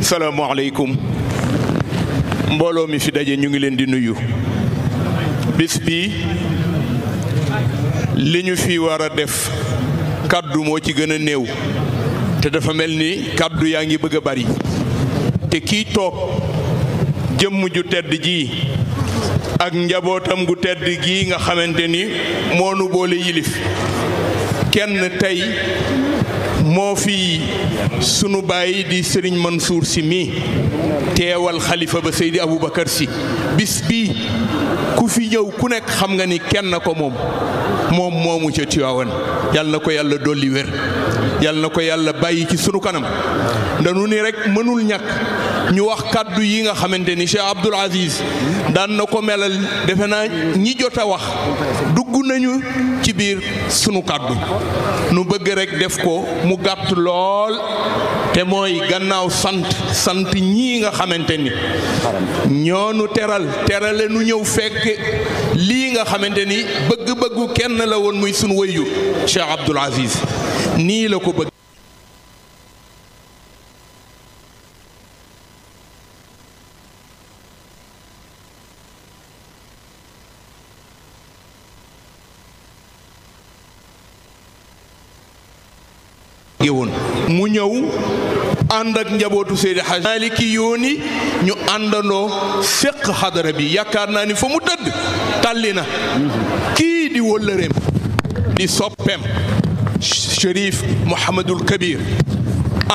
salaamaaleykum mbooloo mi fi daje ñu ngi leen di nuyu bis bi li ñu fi war a def kàddu moo ci gën a néew te dafa mel ni kàddu yaa ngi bëgg a bari te kii toog jëmm ju tedd ji ak njabootam gu tedd gi nga xamante ni moo nu boole yilif kenn tey moo fi sunu baay di sëriñ Mansour si mi teewal xalifa ba Seydi Aboubacar si bis bii ku fi ñëw ku nekk xam nga ni kenn ko moom moom moomu ca Tiwaawan yal na ko yàlla dolli wér yal na ko yàlla bàyyi ci sunu kanam danu ni rek mënul ñàkk ñu wax kàddu yi nga xamante ni Cheikh Abdoul Aziz daan na ko melal defe naa ñi jot a wax dugg nañu ci biir sunu kàddu nu bëgg rek def ko mu gàtt lool te mooy gannaaw sant sant ñii nga xamante ni ñoonu teral terale nu ñëw fekk lii nga xamante ni bëgg-bëggu kenn la woon muy sunu wëyu Cheikh Abdoul Aziz nii la ko bëgg yëwoon mu ñëw ànd ak njabootu Seydi Hadj Maliki yooni ñu àndandoo séq xadara bi yaakaar naa ni fa mu tëdd tàlli na kii di wëllëreem di soppeem Chérif Mouhamadul Kabir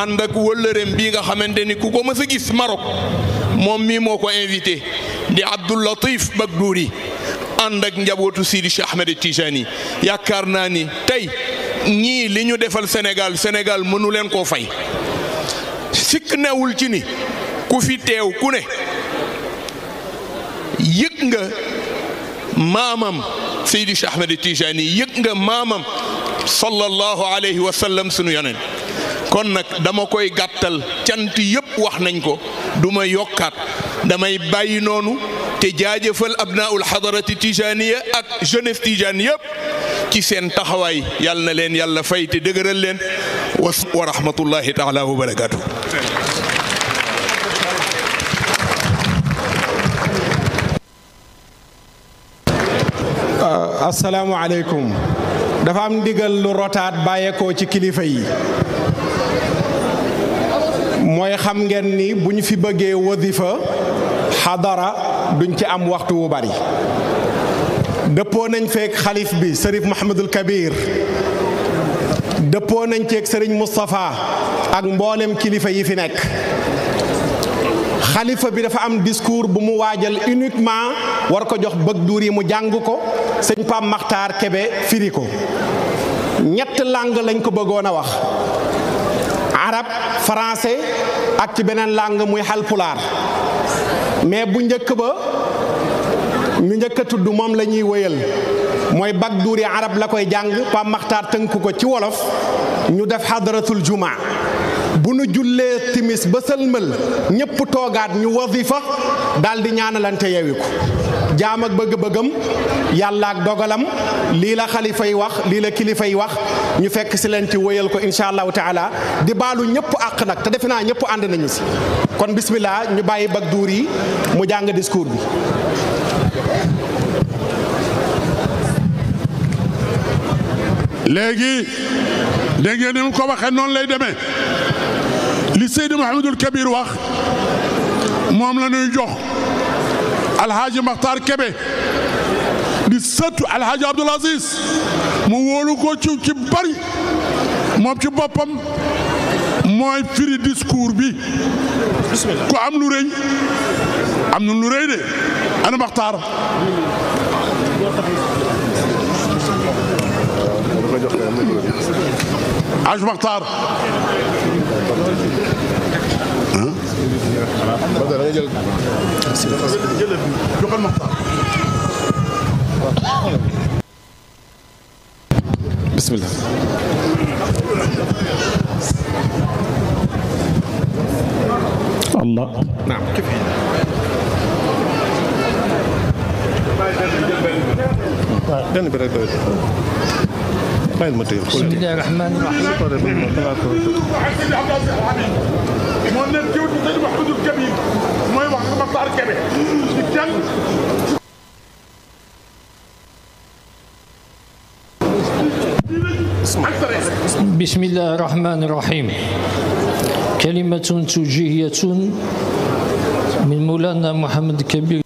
ànd ak wëllëreem bii nga xamante ni ku ko mës a gis Maroc moom mii moo ko invité di Abdoul Latif Bagdouri ànd ak njabootu Seydi Cheikh Ahmed Tijani yaakaar naa ni tey ñii li ñu defal Sénégal Sénégal mënu leen koo fay sikk newul ci ni ku fi teew ku ne yëg nga maamam Seydi Cheikh Ahmed Tijani yëg nga maamam sallallahu alayhi wa sallam sunu yonent kon nag dama koy gàttal cant yëpp wax nañ ko du ma yokkaat damay bàyyi noonu te jaajëfal abnaul xadarati tijaniya ak jeunesse tijane yëpp ci seen taxawaay yàlla na leen yàlla fay te dëgëral leen was wa rahmatullahi taala wa barakaatu ah, asalaamualeykum dafa am ndigal lu rotaat bàyyeekoo ci kilifa yi mooy xam ngeen ni bu ñu fi bëggee wadifa xadara duñ ci am waxtu wu bari dëppoo nañ feek xalif bi sërif Mouhamadul Kabir dëppoo nañ ceeg sëriñ Moustapha ak mboolem kilifa yi fi nekk xalifa bi dafa am discours bu mu waajal uniquement war ko jox bëgg duur yi mu jàng ko sëñ Pam Maxtaar Kebe firi ko ñett làng lañ ko bëggoon a wax arab français ak ci beneen làng muy xalpulaar mais bu njëkk ba mi njëkk tudd moom la ñuy wëyal mooy bag duuri arab la koy jàng Pape Makhtar tënk ko ci wolof ñu def xadaratul juma bu nu jullee timis ba sëlmal ñépp toogaat ñu wazifa daal di ñaanalante yeewi ko jaam ak bëgg-bëggam yàlla dogalam lii la xalifa yi wax lii la kilifa yi wax ñu fekk si leen ci wëyal ko incha allahu taala di baalu ñëpp àq nag te defe naa ñëpp ànd nañu si kon bismillah ñu bàyyi bag duur yi mu jàng discours bi léegi dégg ni mu ko waxee noonu lay deme li Seydi Mouhamadul Kabir wax moom la ñuy jox alhaaji Maxtaar Kebe di sëttu alhaaji Abdul Aziz mu wóolu ko ci ci bari moom ci boppam mooy firi discours bi ku am lu rëy am na lu rëy de ana Maxtaar Aj Maxtaar bismillah Allah naam waaw benn bi rek doy bàyyil ma tëyal. bismillahi rahmani rahim. moo nekk jiw bi sëñ Mahmadul Kabir mooy wax Matar Kebe di kenn. bismillahi rahmani rahim. كلمة تجيهية من مولانا محمد كبير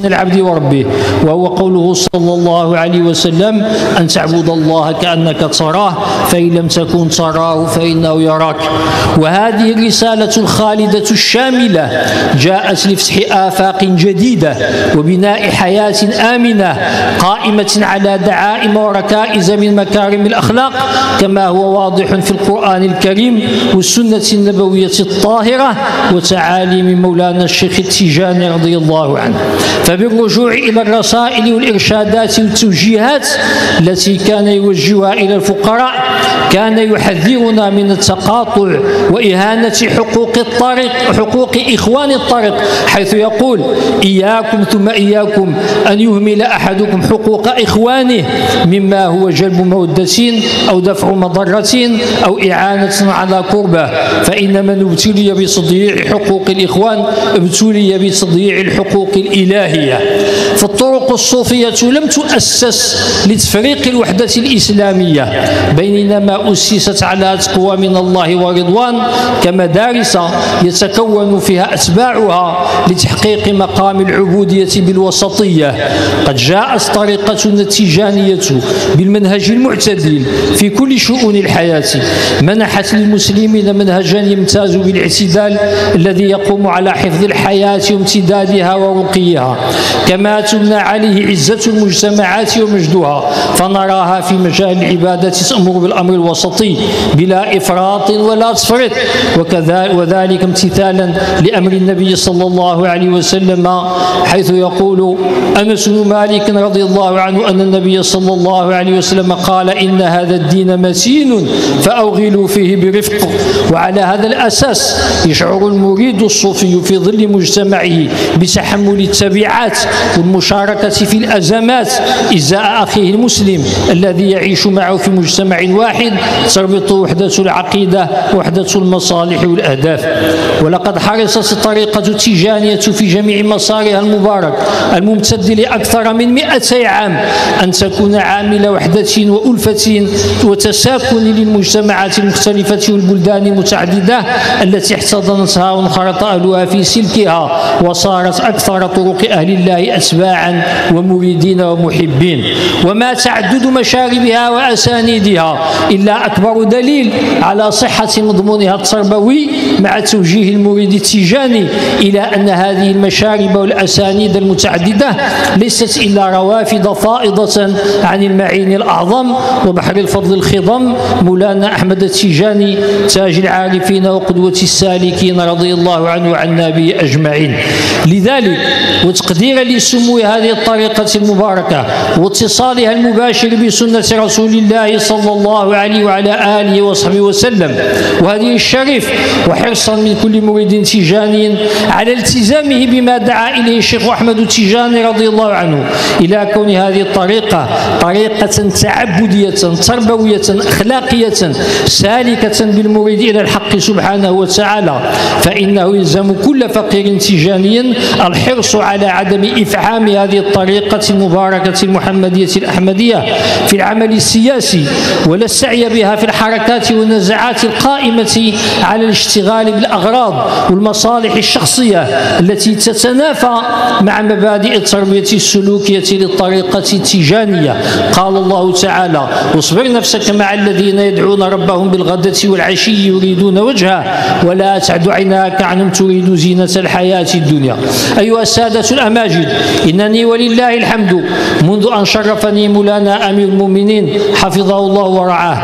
من العبد وربه وهو قوله صلى الله عليه وسلم أن تعبد الله كأنك تراه فإن لم تكن تراه فإنه يراك وهذه الرسالة الخالدة الشاملة جاءت لفتح آفاق جديدة وبناء حياة آمنة قائمة على دعائم وركائز من مكارم الأخلاق كما هو واضح في القرآن الكريم والسنة النبوية الطاهرة وتعاليم مولانا الشيخ التيجاني رضي الله عنه فبالرجوع إلى الرسائل والإرشادات والتوجيهات التي كان يوجهها إلى الفقراء كان يحذرنا من التقاطع وإهانة حقوق الطريق حقوق إخوان الطريق حيث يقول إياكم ثم إياكم أن يهمل أحدكم حقوق إخوانه مما هو جلب مودة أو دفع مضرة أو إعانة على كربة فإن من ابتلي بتضييع حقوق الإخوان ابتلي بتضييع الحقوق الإلهي الصوفية فالطرق الصوفية لم تؤسس لتفريق الوحدة الإسلامية بينما أسست على تقوى من الله ورضوان كمدارس يتكون فيها أتباعها لتحقيق مقام العبودية بالوسطية قد جاءت طريقتنا التيجانية بالمنهج المعتدل في كل شؤون الحياة منحت للمسلمين منهجا يمتاز بالاعتدال الذي يقوم على حفظ الحياة وامتدادها ورقيها كما تبنى عليه عزة المجتمعات ومجدها فنراها في مجال العبادة تأمر بالأمر الوسطي بلا إفراط ولا تفريط وذلك امتثالا لأمر النبي صلى الله عليه وسلم حيث يقول أنس بن مالك رضي الله عنه أن النبي صلى الله عليه وسلم قال إن هذا الدين متين فأوغلوا فيه برفق وعلى هذا الأساس يشعر المريد الصوفي في ظل مجتمعه بتحمل التبعات الساعات والمشاركة في الأزمات إزاء أخيه المسلم الذي يعيش معه في مجتمع واحد تربط وحدة العقيدة وحدة المصالح والأهداف ولقد حرصت الطريقة التيجانية في جميع مسارها المبارك الممتد لأكثر من 200 عام أن تكون عاملة وحدة وألفة وتساكن للمجتمعات المختلفة والبلدان المتعددة التي احتضنتها وانخرط أهلها في سلكها وصارت أكثر طرق أهل لله أتباعا ومريدين ومحبين وما تعدد مشاربها وأسانيدها إلا أكبر دليل على صحة مضمونها التربوي مع توجيه المريد التيجاني إلى أن هذه المشارب والأسانيد المتعددة ليست إلا روافد فائضة عن المعين الأعظم وبحر الفضل الخضم مولانا أحمد التيجاني تاج العارفين وقدوة السالكين رضي الله عنه وعنا به أجمعين لذلك وتقديم والتقدير لسمو هذه الطريقة المباركة واتصالها المباشر بسنة رسول الله صلى الله عليه وعلى آله وصحبه وسلم وهذه الشريف وحرصا من كل مريد تيجاني على التزامه بما دعا إليه الشيخ أحمد التيجاني رضي الله عنه إلى كون هذه الطريقة طريقة تعبدية تربوية أخلاقية سالكة بالمريد إلى الحق سبحانه وتعالى فإنه يلزم كل فقير تيجاني الحرص على عدم عدم إفعام هذه الطريقة المباركة المحمدية الأحمدية في العمل السياسي ولا السعي بها في الحركات والنزاعات القائمة على الاشتغال بالأغراض والمصالح الشخصية التي تتنافى مع مبادئ التربية السلوكية للطريقة التيجانية قال الله تعالى واصبر نفسك مع الذين يدعون ربهم بالغدة والعشي يريدون وجهه ولا تعد عيناك عنهم تريد زينة الحياة الدنيا أيها السادة الأمام الماجد إنني ولله الحمد منذ أن شرفني مولانا أمير المؤمنين حفظه الله ورعاه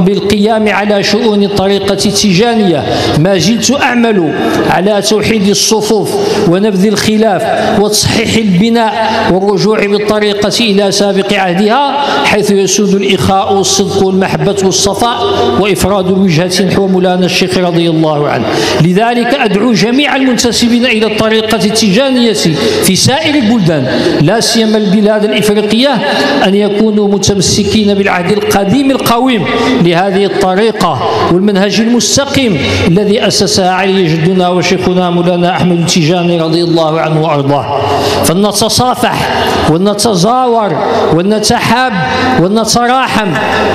بالقيام على شؤون الطريقة التجانية ما زلت أعمل على توحيد الصفوف ونبذ الخلاف وتصحيح البناء والرجوع بالطريقة إلى سابق عهدها حيث يسود الإخاء والصدق والمحبة والصفاء وإفراد الوجهة نحو مولانا الشيخ رضي الله عنه لذلك أدعو جميع المنتسبين إلى الطريقة التجانية السياسي في سائر البلدان لا سيما البلاد الإفريقية أن يكونوا متمسكين بالعهد القديم القويم لهذه الطريقة والمنهج المستقيم الذي أسسها علي جدنا وشيخنا مولانا أحمد التيجاني رضي الله عنه وأرضاه فلنتصافح ولنتزاور ولنتحاب ولنتراحم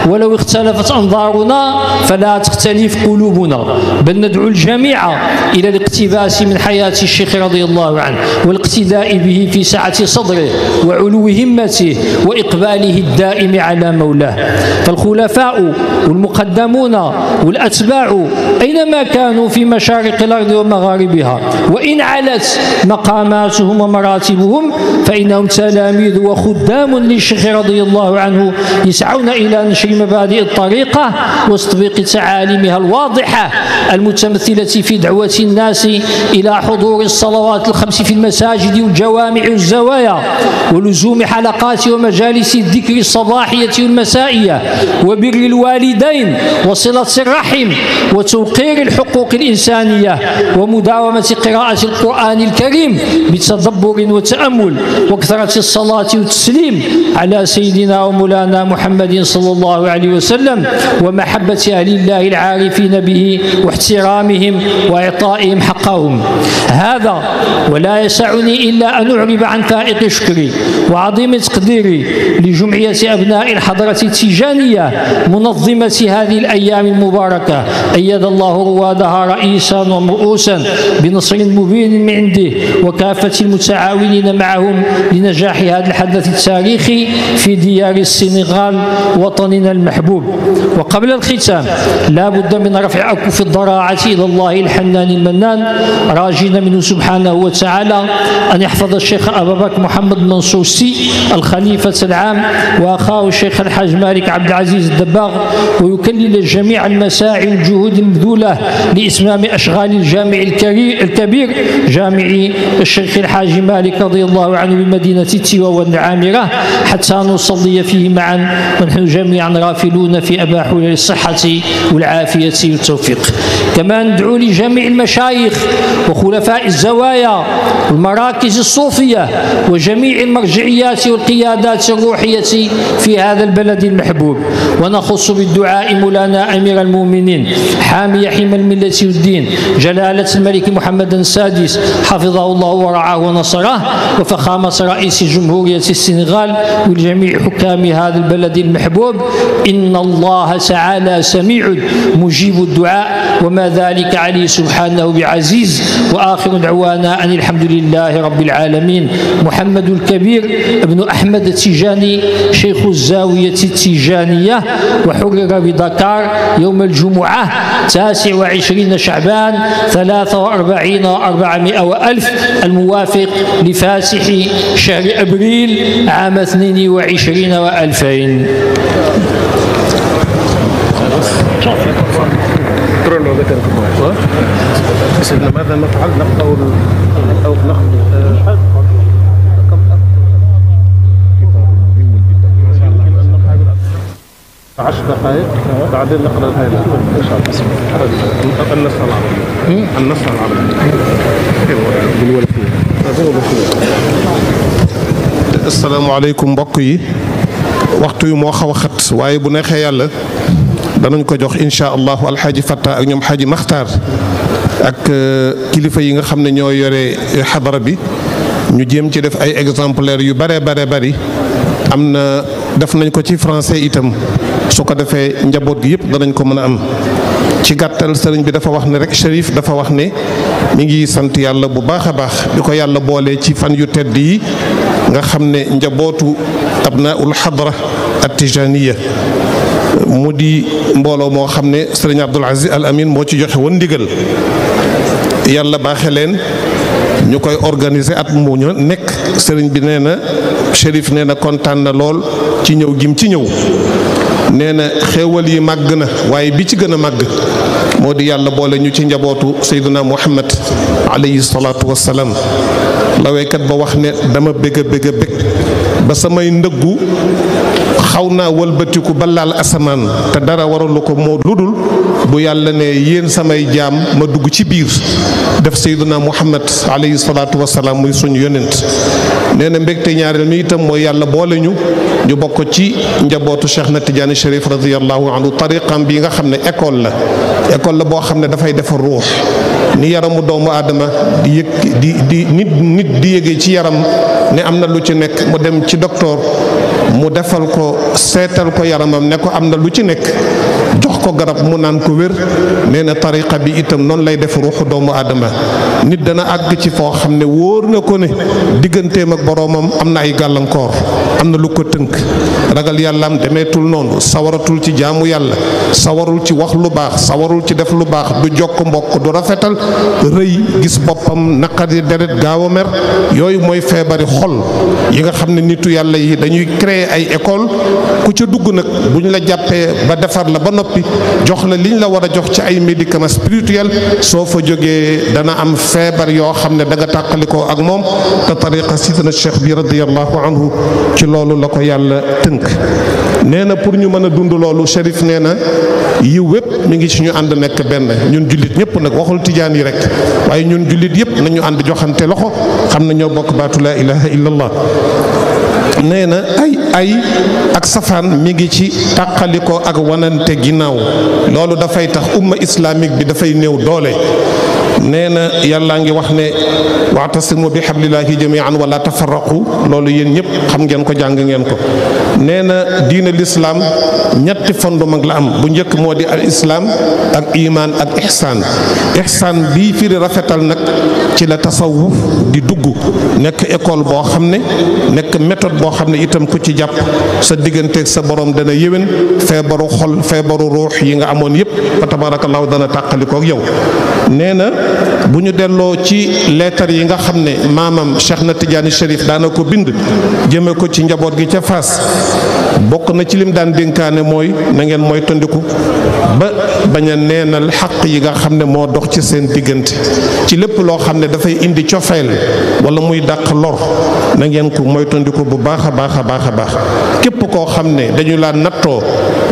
ولو اختلفت أنظارنا فلا تختلف قلوبنا بل ندعو الجميع إلى الاقتباس من حياة الشيخ رضي الله عنه الاقتداء به في سعة صدره وعلو همته وإقباله الدائم على مولاه فالخلفاء والمقدمون والأتباع أينما كانوا في مشارق الأرض ومغاربها وإن علت مقاماتهم ومراتبهم فإنهم تلاميذ وخدام للشيخ رضي الله عنه يسعون إلى نشر مبادئ الطريقة وتطبيق تعاليمها الواضحة المتمثلة في دعوة الناس إلى حضور الصلوات الخمس في المساجد المساجد والجوامع والزوايا ولزوم حلقات ومجالس الذكر الصباحية والمسائية وبر الوالدين وصلة الرحم وتوقير الحقوق الإنسانية ومداومة قراءة القرآن الكريم بتدبر وتأمل وكثرة الصلاة والتسليم على سيدنا ومولانا محمد صلى الله عليه وسلم ومحبة أهل الله العارفين به واحترامهم وإعطائهم حقهم هذا ولا يسعنا يسعني إلا أن أعرب عن فائق شكري وعظيم تقديري لجمعية أبناء الحضرة التيجانية منظمة هذه الأيام المباركة أيد الله روادها رئيسا ومؤوسا بنصر مبين من عنده وكافة المتعاونين معهم لنجاح هذا الحدث التاريخي في ديار السنغال وطننا المحبوب وقبل الختام لا بد من رفع أكف الضراعة إلى الله الحنان المنان راجين منه سبحانه وتعالى أن يحفظ الشيخ أبا بكر محمد منصوصي الخليفة العام وأخاه الشيخ الحاج مالك عبد العزيز الدباغ ويكلل جميع المساعي والجهود المبذولة لإسمام أشغال الجامع الكبير جامع الشيخ الحاج مالك رضي الله عنه بمدينة سيوة والعامرة حتى نصلي فيه معا ونحن جميعا رافلون في أباحول الصحة والعافية والتوفيق كما ندعو لجميع المشايخ وخلفاء الزوايا والمراجع مراكز الصوفية وجميع المرجعيات والقيادات الروحية في هذا البلد المحبوب ونخص بالدعاء مولانا أمير المؤمنين حامي حمى الملة والدين جلالة الملك محمد السادس حفظه الله ورعاه ونصره وفخامة رئيس جمهورية السنغال ولجميع حكام هذا البلد المحبوب إن الله تعالى سميع مجيب الدعاء وما ذلك عليه سبحانه بعزيز وآخر دعوانا أن الحمد لله لله رب العالمين محمد الكبير ابن أحمد التيجاني شيخ الزاوية التيجانية وحرر بدكار يوم الجمعة 29 شعبان 43 400 وألف الموافق لفاسح شهر أبريل عام 22 وألفين ذكركم سيدنا ماذا نفعل نبقى ناخذ عشر دقائق بعدين نقرا الهيئه ان شاء الله النص العربي النص العربي asalaamaaleykum mbokk yi waxtu yi moo xaw a xat waaye bu neexee yàlla danañ ko jox incha allahu alxaaji Fatta ak ñoom xaaji Maxtaar ak euh, kilifa yi nga xam ne ñoo yore euh, xadara bi ñu jéem ci def ay exemplaires yu bare bare bari am na def nañ ko ci français itam su ko defee njaboot gi yëpp danañ ko mën a am ci gàttal sëriñ bi dafa wax ne rek Cherif dafa wax ne mi ngi sant yàlla bu baax a baax bi ko yàlla boole ci fan yu tedd yi nga xam ne njabootu abnaaul xadra at tijaniya mu di mbooloo moo xam ne sëriñ Abdul Aziz Al Amin moo ci joxe woon ndigal yàlla baaxe leen ñu koy organise at mu ñu nekk sëriñ bi nee na shérif nee na kontaan na lool ci ñëw gim ci ñëw nee na xéewal yi màgg na waaye bi ci gën a màgg moo di yàlla boole ñu ci njabootu sayduna muhammad alayhi salaatu wassalaam lawaykat ba wax ne dama bëgg a bëgg ba samay ndëggu xaw naa walbatiku ba laal asamaan te dara waralu ko moo lu dul bu yàlla ne yéen samay jaam ma dugg ci biir def sayyiduna muhammad alayhi salaatu wasalaam muy suñu yonent nee na mbégte ñaareel mi itam mooy yàlla boole ñu ñu bokk ci njabootu cheikh na tijaani sharif radiallahu anhu tariqam bi nga xam ne école la école la boo xam ne dafay defar ruux ni yaramu doomu aadama di yëg di nit nit di yëgee ci yaram ne am na lu ci nekk mu dem ci docteur mu defal ko seetal ko yaramam ne ko am na lu ci nekk jox ko garab mu naan ko wér nee na tariqa bi itam noonu lay def ruuxu doomu adama nit dana àgg ci foo xam ne wóor na ko ne digganteem ak boroomam am na ay gàllankoor am na lu ko tënk ragal yàlla am demeetul noonu sawaratul ci jaamu yàlla sawarul ci wax lu baax sawarul ci def lu baax du jokk mbokk du rafetal rëy gis boppam naqadi deret gaaw a mer yooyu mooy feebari xol yi nga xam ne nitu yàlla yi ay école ku ca dugg nag bu ñu la jàppee ba defar la ba noppi jox la liñ la war a jox ci ay médicaments spirituels soo fa jógee dana am feebar yoo xam ne danga nga tàqalikoo ak moom te tariqa sidna cheikh bi radiallahu anhu ci loolu la ko yàlla tënk nee na pour ñu mën a dund loolu Cherif nee na yi wépp ñu ngi ci ñu ànd nekk benn ñun jullit ñëpp nag waxul tijaan yi rek waaye ñun jullit yëpp nañu ànd joxante loxo xam na ñoo bokk baatu laa ilaha illallah nee na ay ay ak safaan mi ngi ci tàqalikoo ak wanante ginnaaw loolu dafay tax umma islaamik bi dafay néew doole nee na yàllaa ngi wax ne waatasimu bi xablillahi jamian wala tafarraqu loolu yéen ñëpp xam ngeen ko jàng ngeen ko nee na diina lislaam ñetti fondement la am bu njëkk moo di al islaam ak iimaan ak ixsaan ixsaan bi firi rafetal nag ci la tasawuf di dugg nekk école boo xam ne nekk méthode boo xam ne itam ku ci jàpp sa digganteek sa borom dana yéwén feebaru xol feebaru ruux yi nga amoon yëpp fa tabarakallahu dana tàqalikook yow nee na bu ñu delloo ci leetar yi nga xam ne maamam Cheikh na Tidiane Chérif daana ko bind jëme ko ci njaboot gi ca fas bokk na ci lim daan dénkaane mooy na ngeen mooy tondiku ba bañ nee neenal xaq yi nga xam ne moo dox ci seen diggante ci lépp loo xam dafay indi cofeel walla muy dàq lor na ngeen ko moytandiku bu baax a baax a baax a baax képp koo xam ne dañu laa nattoo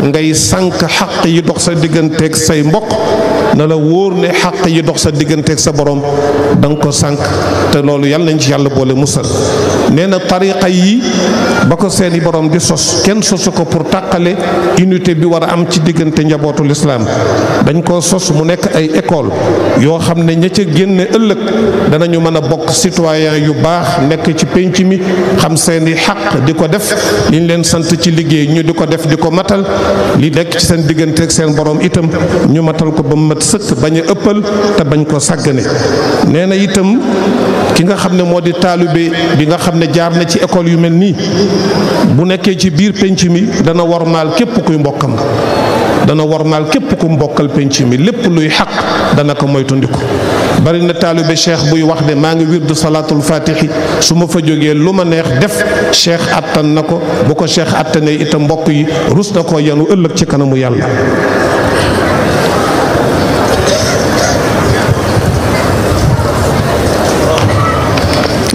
ngay sànq xaq yi dox sa diggante digganteeg say mboq na la wóor ne xàq yi dox sa digganteeg sa borom da nga ko sànq te loolu yàlla nañ ci yàlla boole musal nee na tariqa yi ba ko seeni borom di sos kenn sosu ko pour tàqale unité bi war a am ci diggante njabootu lislaam dañ koo sos mu nekk ay école yoo xam ne ña ca génne ëllëg danañu mën a bokk citoyen yu baax nekk ci pénc mi xam seeni xaq di ko def ñu leen sant ci liggéey ñu di ko def di ko matal li nekk ci seen digganteeg seen boroom itam sëkk bañ ëppal te bañ koo sàggane nee na itam ki nga xam ne moo di taalibe bi nga xam ne jaar na ci école yu mel nii bu nekkee ci biir penc mi dana wormaal képp kuy mbokkam dana wormaal képp ku mbokkal penc mi lépp luy xaq dana ko moytandiku bari na taalibe cheikh buy wax ne maa ngi du salaatul fatixi su ma fa jógee lu ma neex def cheikh attan na ko bu ko cheikh attanee itam mbokk yi rus na ko yanu ëllëg ci kanamu yàlla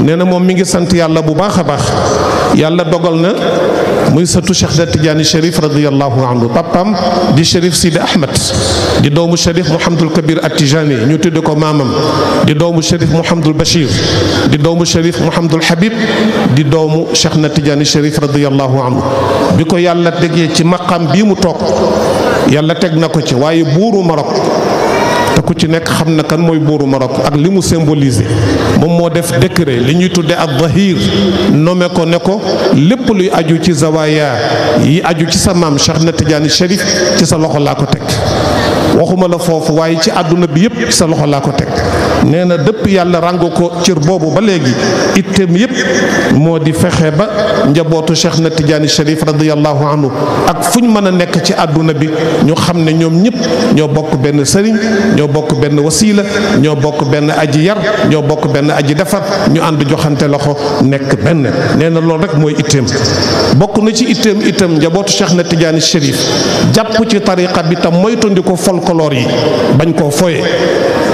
nee na moom mi ngi sant yàlla bu baax a baax yàlla dogal na muy sëtu Cheikh Tidiane Chérif radiallahu anhu papam di Chérif Sidi Ahmed di doomu Chérif Mouhamadul Kabir Atijani ñu tudd ko maamam di doomu Chérif Mouhamadul Bachir di doomu Chérif Mouhamadul Habib di doomu Cheikh na Tidiane Chérif radiallahu anhu bi ko yàlla tegee ci maqam bii mu toog yàlla teg na ko ci waaye buuru Marok te ku ci nekk xam na kan mooy buuru morok ak li mu symbolisé moom moo def décret li ñuy tudde ab dahir nommé ko ne ko lépp luy aju ci zawaya yi aju ci sa maam Cheikh na Tidiane Chérif ci sa loxo laa ko teg waxuma la foofu waaye ci àdduna bi yépp ci sa loxo laa ko teg nee na dëpp yàlla ràngu ko cër boobu ba léegi itteem yépp moo di fexe ba njabootu Cheikh na Tidiane Cherif radiyallahu anhu ak fu ñu mën a nekk ci àdduna bi ñu xam ne ñoom ñëpp ñoo bokk benn sëriñ ñoo bokk benn wasiila ñoo bokk benn aji yar ñoo bokk benn aji defar ñu ànd joxante loxo nekk benn nee na loolu rek mooy itteem bokk na ci itam itam njabootu Cheikh na Tidiane Chérif jàpp ci tariqa bi tam moytundi ko folklore yi bañ koo foye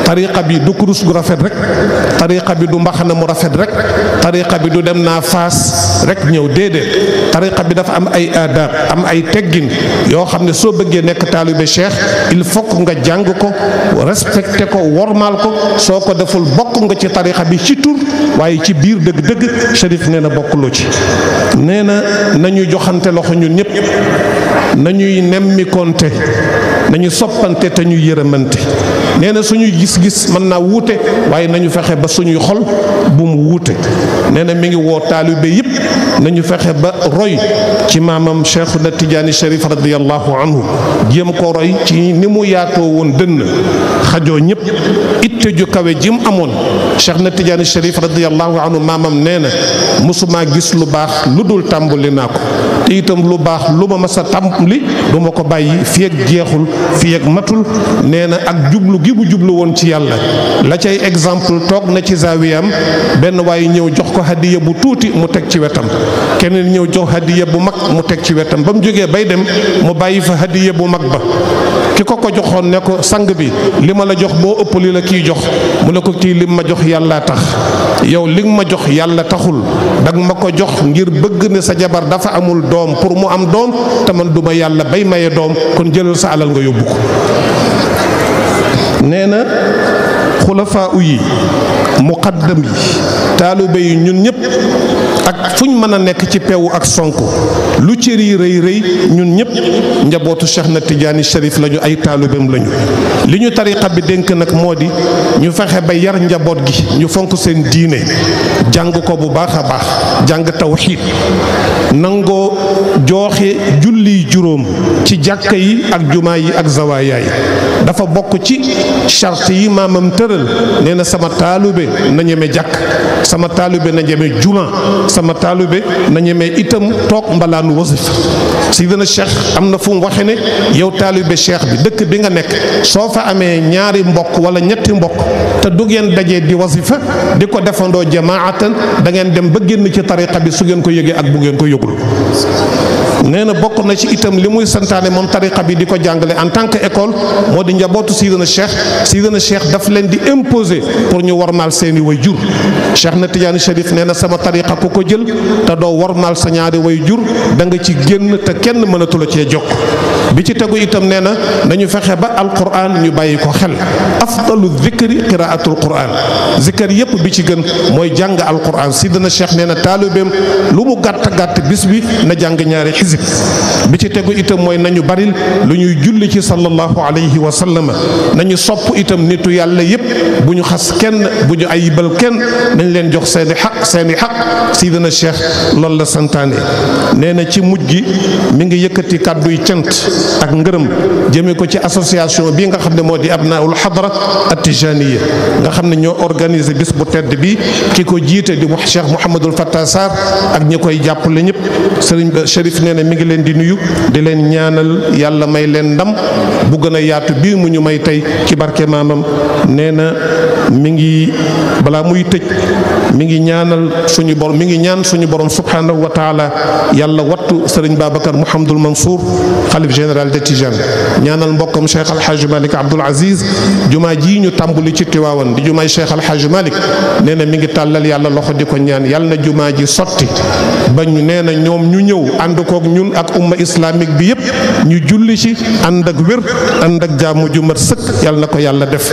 tariqa bi du kurus gu rafet rek tariqa bi du mbaxana mu rafet rek tariqa bi du dem naa faas rek ñëw déedéet tariqa bi dafa am ay adab am ay teggin yoo xam ne soo bëggee nekk taalibe cheikh il faut nga jàng ko respecté ko wormaal ko soo ko deful bokk nga ci tarixa bi ci tur waaye ci biir dëgg-dëgg Cherif nee na bokkuloo ci nee na nañu joxante loxo ñun ñëpp nañuy nemmikonte nañu soppante te ñu yërëmante nee na suñuy gis-gis man naa wuute waaye nañu fexe ba suñuy xol bu mu wuute nee na mi ngi woo taalibe yëpp nañu fexe ba roy ci maamam cheikh na tijaani sharif radiallahu anhu jéem ko roy ci ni mu yaatoo woon dënn xajoo ñëpp ju kawe jim amoon cheikh na tijaani sharif radiallahu anhu maamam nee na mosumaa gis lu baax lu dul tàmbali naa ko te itam lu baax lu ma mas a tàmbali ko bàyyi fi ak jeexul fi ak matul nee ak jublu gi bu jublu woon ci yàlla la cay exemple toog na ci zaawiyam benn waaye ñëw jox ko hadiya bu tuuti mu teg ci wetam keneen ñëw jox hadiya bu mag mu teg ci wetam ba mu jógee bay dem mu bàyyi fa hadiya bu mag ba ki ko ko joxoon ne ko sang bi li ma la jox boo ëpp li la kiy jox mu ne ko kii lim ma jox yàlla tax yow li ma jox yàlla taxul dag ma ko jox ngir bëgg ne sa jabar dafa amul doom pour mu am doom te man duma yàlla bay maye doom kon jëlal sa alal nga yóbbu ko nee na xulafaa u yi muqaddam yi taalibe yi ñun ñëpp ak fu ñu mën a nekk ci pewu ak sonk lu cër yi rëy rëy ñun ñëpp njabootu Cheikh na Tidiane Chérif lañu ay taalibeem lañu li ñu tariqa bi dénk nag moo di ñu fexe ba yar njaboot gi ñu fonk seen diine jàng ko bu baax a baax jàng tawxiid nangoo jooxe julli juróom ci jàkka yi ak jumaa yi ak zawaaya dafa bokk ci charte yi maamam tëral nee na sama taalube na ñeme jàkk sama taalube na ñeme juma sama taalibe na ñemee itam toog mbalaanu wasif sidina cheikh am na fu mu waxe ne yow taalibe cheikh bi dëkk bi nga nekk soo fa amee ñaari mbokk wala ñetti mbokk te du ngeen dajee di wasifa di ko defandoo jamaatan da ngeen dem ba génn ci tariqa bi su ngeen ko yëgee ak bu ngeen ko yëgul nee na bokk na ci itam li muy santaane moom tariqa bi di ko jàngale en tant que école moo di njabootu Siidina Cheikh Siidina Cheikh daf leen di imposer pour ñu warmaal seeni way jur Cheikh na Tidiane Chérif nee na sama tariqa ku ko jël te doo warmaal sa ñaari way jur da nga ci génn te kenn mënatu la cee jox bi ci tegu itam nee na nañu fexe ba alquran ñu bàyyi ko xel afdalu zikri qiraatul quran kër yépp bi ci gën mooy jàng alquran si dana cheikh nee na taalibeem lu mu gàtt gàtt bis bi na jàng ñaari xisib bi ci tegu itam mooy nañu baril lu ñuy julli ci sallallahu alayhi wa sallam nañu sopp itam nittu yàlla yëpp bu ñu xas kenn bu ñu ay ayibal kenn nañ leen jox seeni xaq seeni xaq sidina cheikh loolu la santaane nee na ci mujj gi mi ngi yëkkati kàdduy cant ak ngërëm jëmee ko ci association bi nga xam ne moo di abnaul xadra atijaniya nga xam ne ñoo organiser bis bu tedd bi ki ko jiite di cheikh mouhamadul fatta sarr ak ñi koy jàppale ñëpp sëriñ chérif mi leen di nuyu di leen ñaanal yàlla may leen ndam bu gën a yaatu bi mu ñu may tey ci barke maamam nee na mi ngi balaa muy tëj mi ngi ñaanal suñu borom mi ngi ñaan suñu borom subhanahu wa taala yàlla wattu sëriñ Babacar Mouhamadul Mansour xalif général de Tijane ñaanal mbokkam Cheikh Alhaji Malick Abdoul Aziz jumaa ji ñu tàmbali ci Tiwaawan di jumaay Cheikh Alhaji Malick nee na mi ngi tàllal yàlla loxo di ñaan yàlla na jumaa ji sotti bañ ñu nee na ñoom ñu ñëw ànd kook ñun ak umma islamique bi yépp ñu julli ci ànd ak wér ànd ak jaamu ju sëkk yàlla na ko yàlla def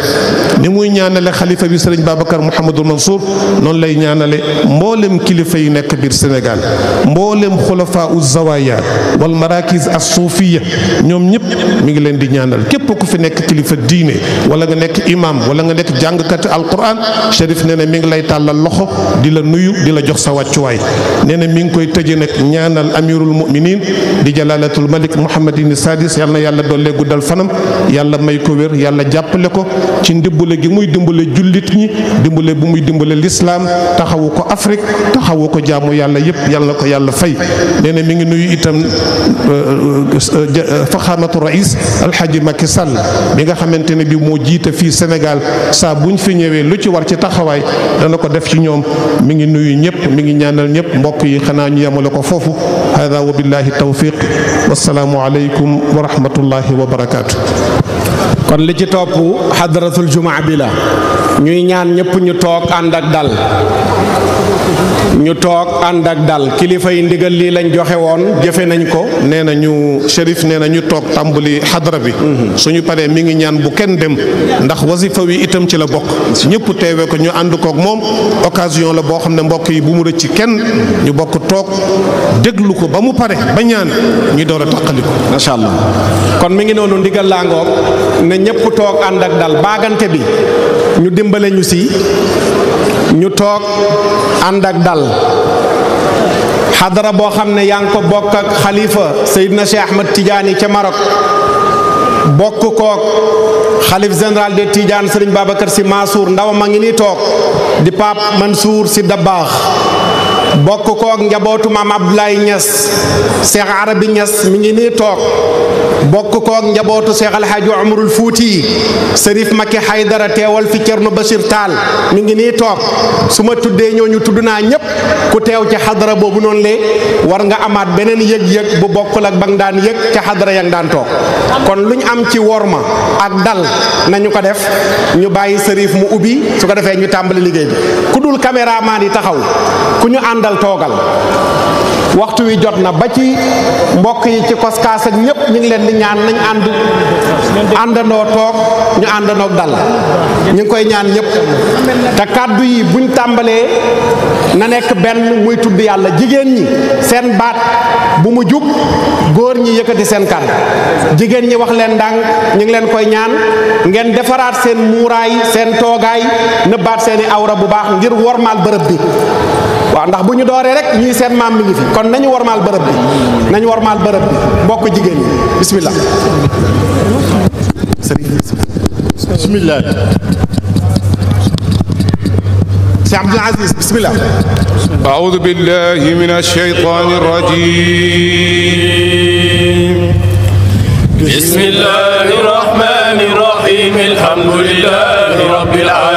ni muy ñaanale xalifa bi sëriñ Babacar noonu lay ñaanale mbooleem kilifa yi nekk biir Sénégal mboolem xulafa u zawaya wal marakis as suufiya ñoom ñëpp mu ngi leen di ñaanal képp ku fi nekk kilifa diine wala nga nekk imam wala nga nekk jàngkati alquran Cherif nee na mi ngi lay tàllal loxo di la nuyu di la jox sa wàccuwaay nee na mi ngi koy tëje nag ñaanal amirul muminin di jalalatul malik Mouhamadin Sadis yàlla na yàlla doole guddal fanam yàlla may ko wér yàlla jàppale ko ci ndimbale jullit ñi dimbale bu muy dimbale lislaam taxawu ko Afrique taxawu ko jaamu yàlla yëpp yàlla ko yàlla fay nee na mi ngi nuyu itam euh, euh, euh, faxamatu rais alxaaji Macky bi nga xamante ne bi moo jiite fii senegal saa buñ fi ñëwee lu ci war ci taxawaay dana ko def ci ñoom mu ngi nuyu ñëpp mi ngi ñaanal ñëpp mbokk yi xanaa ñu yemale ko foofu hada wa billahi tawfiq wasalaamu aleykum wa rahmatullahi wa barakaatu kon li ci topp xadaratul jumaa bi la ñuy ñaan ñëpp ñu toog ànd ak dal ñu toog ànd ak dal kilifa yi ndigal lii lañ joxe woon jëfe nañ ko. nee na ñu shérif nee na ñu toog tàmbali xadra bi. Mhm. suñu paree mi ngi ñaan bu kenn dem ndax wasifa wi itam ci la bokk. ñëpp teewe ko ñu ànd koog moom occasion la boo xam ne mbokk yi bu mu rëcc kenn ñu bokk toog déglu ko ba mu pare ba ñaan ñu door a taqali ko. macha allah kon mi ngi noonu ndigal laa ngoog ne ñëpp toog ànd ak dal baagante bi. ñu dimbale ñu si ñu toog ànd ak dal xadara boo xam ne yaa ngi ko bokk ak xalifa Seydina Cheikh Ahmed Tidiane ca Maroc bokk kook xalif général de Tidiane Serigne Babacar si Mansour ndawam a ngi ni toog di Pape Mansour si Dabaax bokk koog njabootu maam Abdoulaye Niass Cheikh Arabi Niass mi ngi nii toog bokk koog njabootu Cheikh El Hadj Omarul Fouti Serif Maki Haydara teewal fi Thierno Bachir taal mi ngi nii toog su ma tuddee ñu tudd naa ñëpp ku teew ci xadara boobu noonu le war nga amaat beneen yëg-yëg bu bokkul ak ba nga daan yëg ca xadara ya nga daan toog kon lu ñu am ci ma ak dal nañu ko def ñu bàyyi Serif mu ubbi su ko defee ñu tàmbali liggéey bi ku dul caméraman yi taxaw ku àndal toogal waxtu wi jot na ba ci mbokk yi ci koskaas ak ñu ngi leen di ñaan nañ ànd toog ñu àndandoo dal ñu ngi koy ñaan ñépp te kàddu yi buñ tàmbalee na nekk benn muy tudd yàlla jigéen ñi seen baat bu mu jub góor ñi yëkkati seen kàddu jigéen ñi wax leen ndànk ñu ngi leen koy ñaan ngeen defaraat seen muuraay seen toogaay nëbbaat seeni awra bu baax ngir wormaal bërëb bi waaw ndax bu ñu dooree rek ñuy seen maam mi ngi fi kon nañu warmaal bërëb bi nañu warmaal bërëb bi mbokk jigéen ñi bisimilah. bisimilah. Cheikh Abdoul Aziz bisimilah. أعوذ بالله من الشيطان الرجيم. بسم الله الرحمن الرحيم الحمد لله رب العالمين.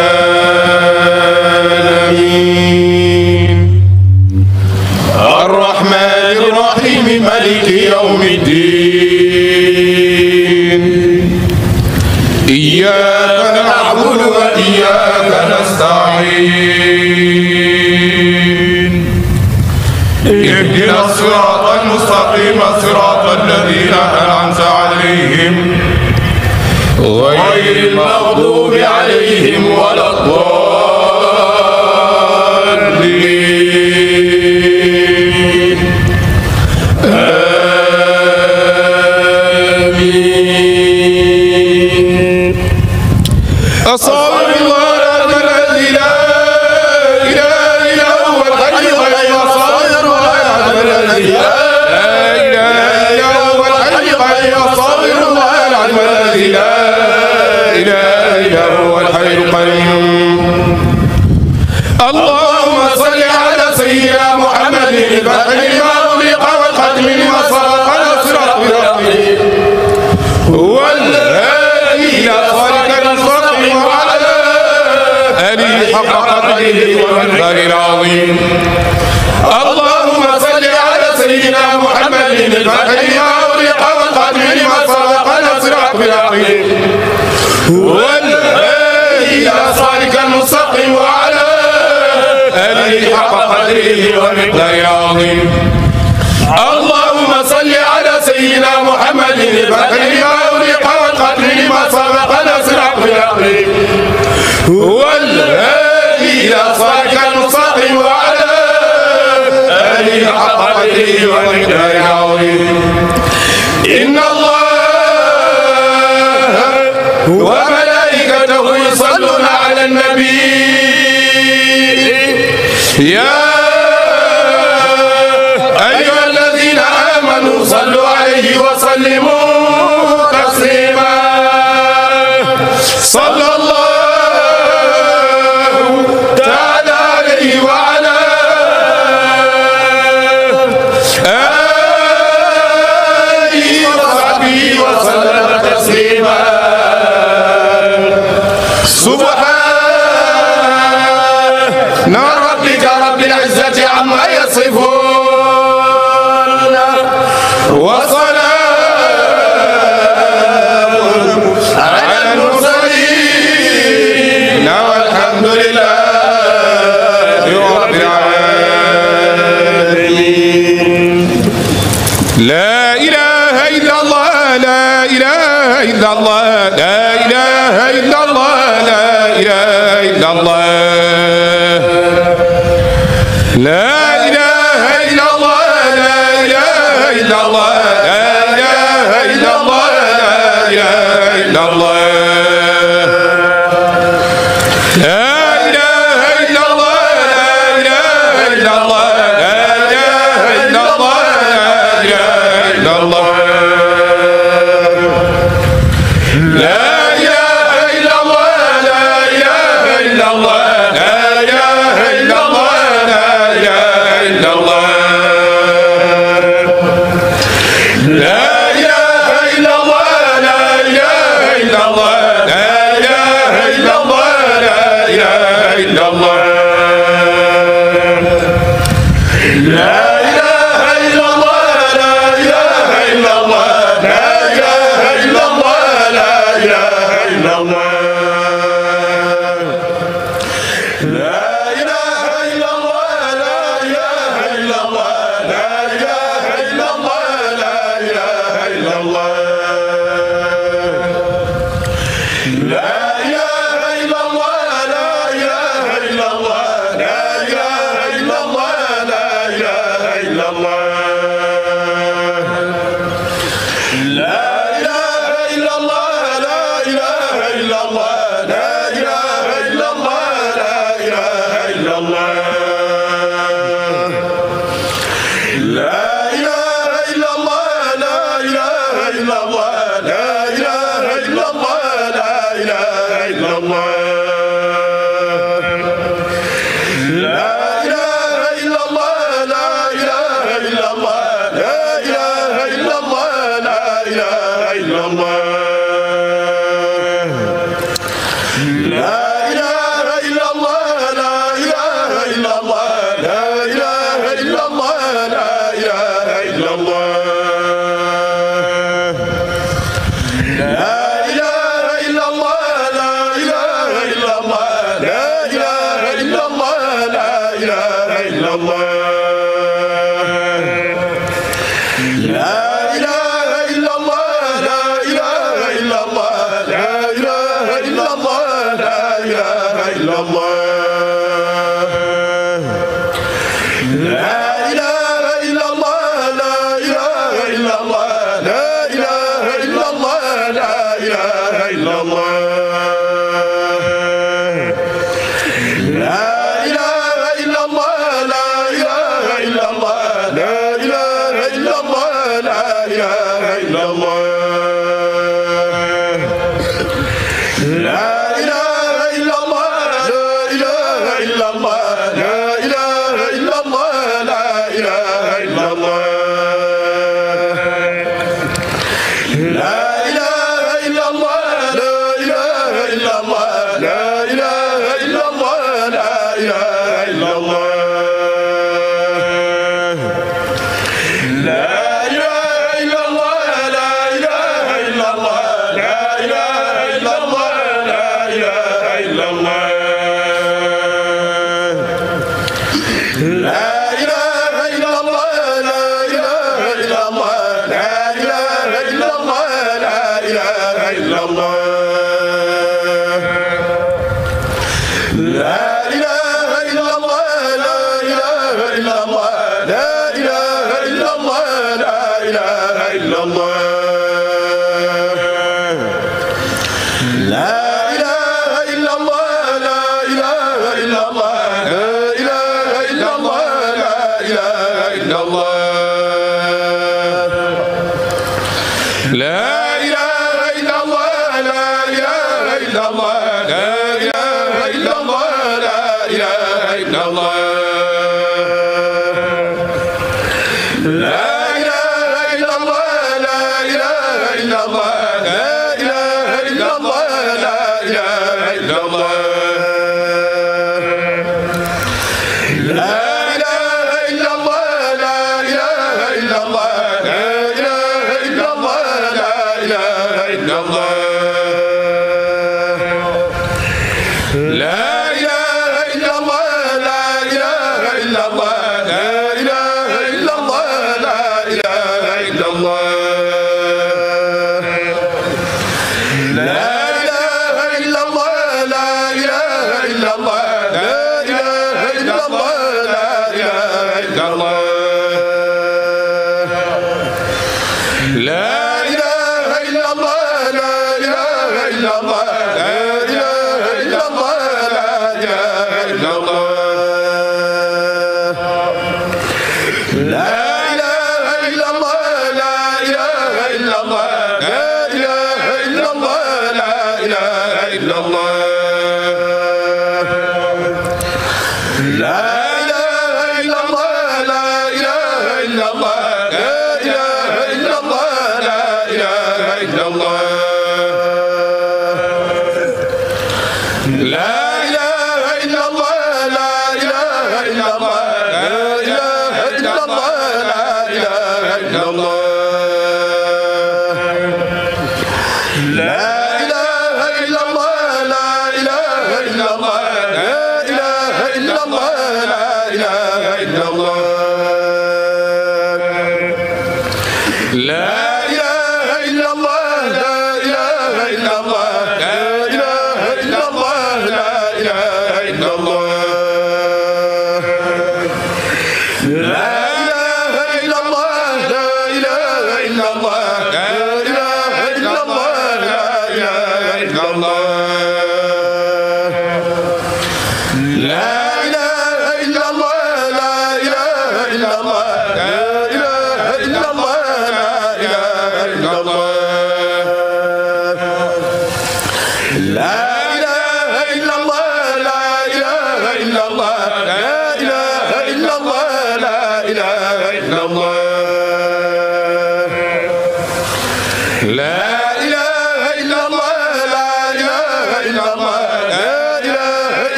الجبار العظيم اللهم صل على سيدنا محمد الفتح لما أغلق والقادم لما سبق الصراط العظيم والهادي إلى صالح المستقيم وعلى آله حق قدره ومقداره العظيم اللهم صل على سيدنا محمد الفتح لما أغلق والقادم لما سبق الصراط العظيم والهادي إلى صالح الحق وعلى آله حق قدره ومقدار عظيم إن الله وملائكته يصلون على النبي يا أيها الذين آمنوا صلوا عليه وسلموا تسليما صلى الله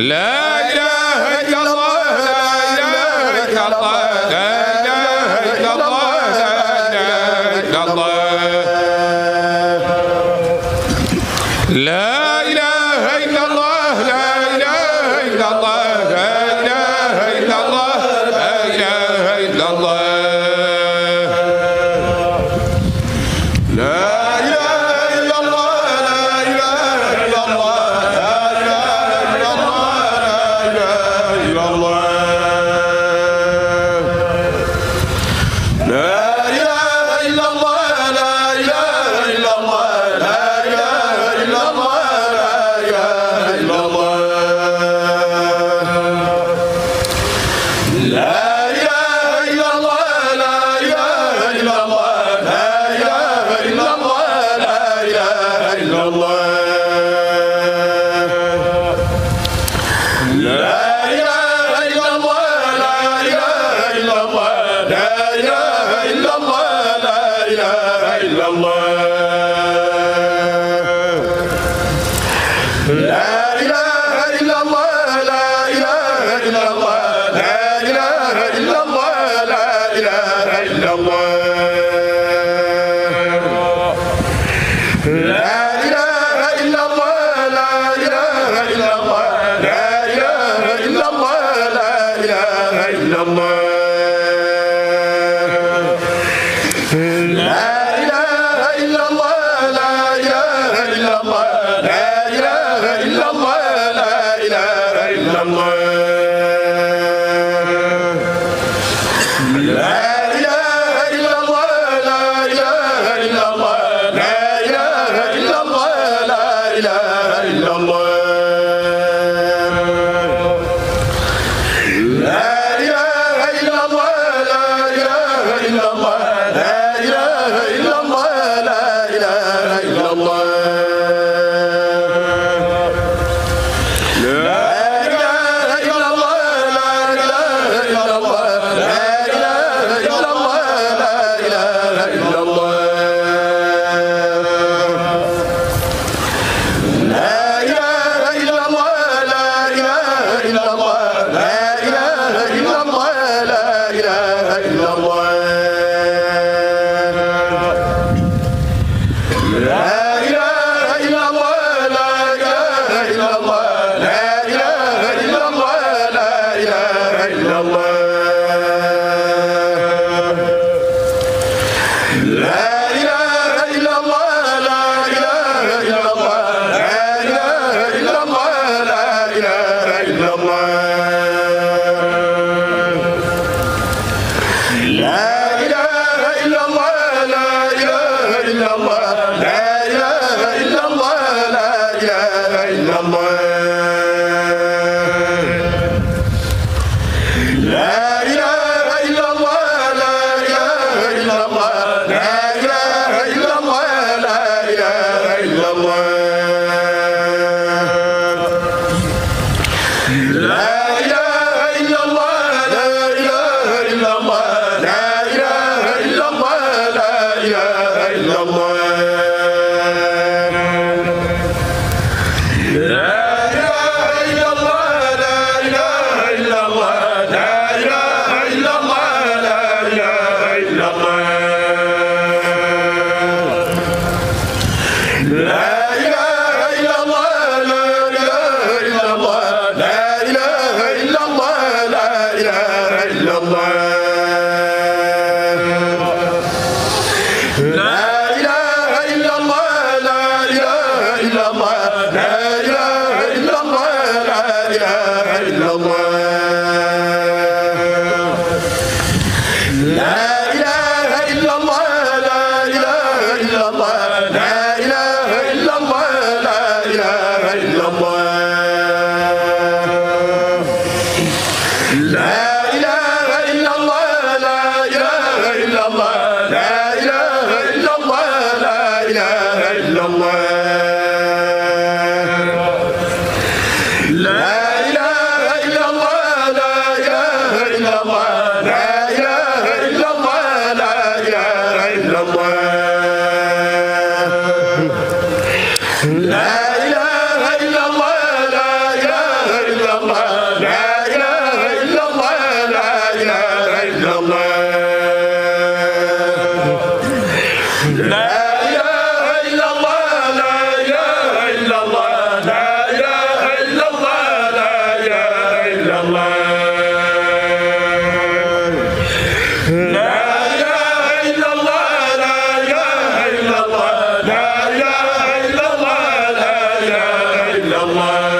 la ilaha illallah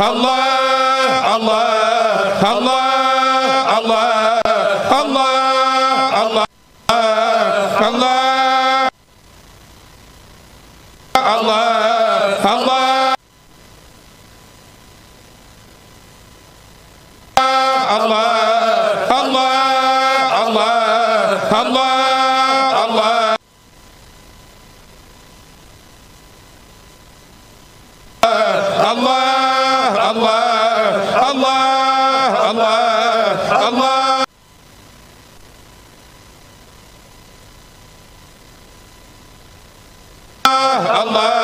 Allah Allah Allah Allah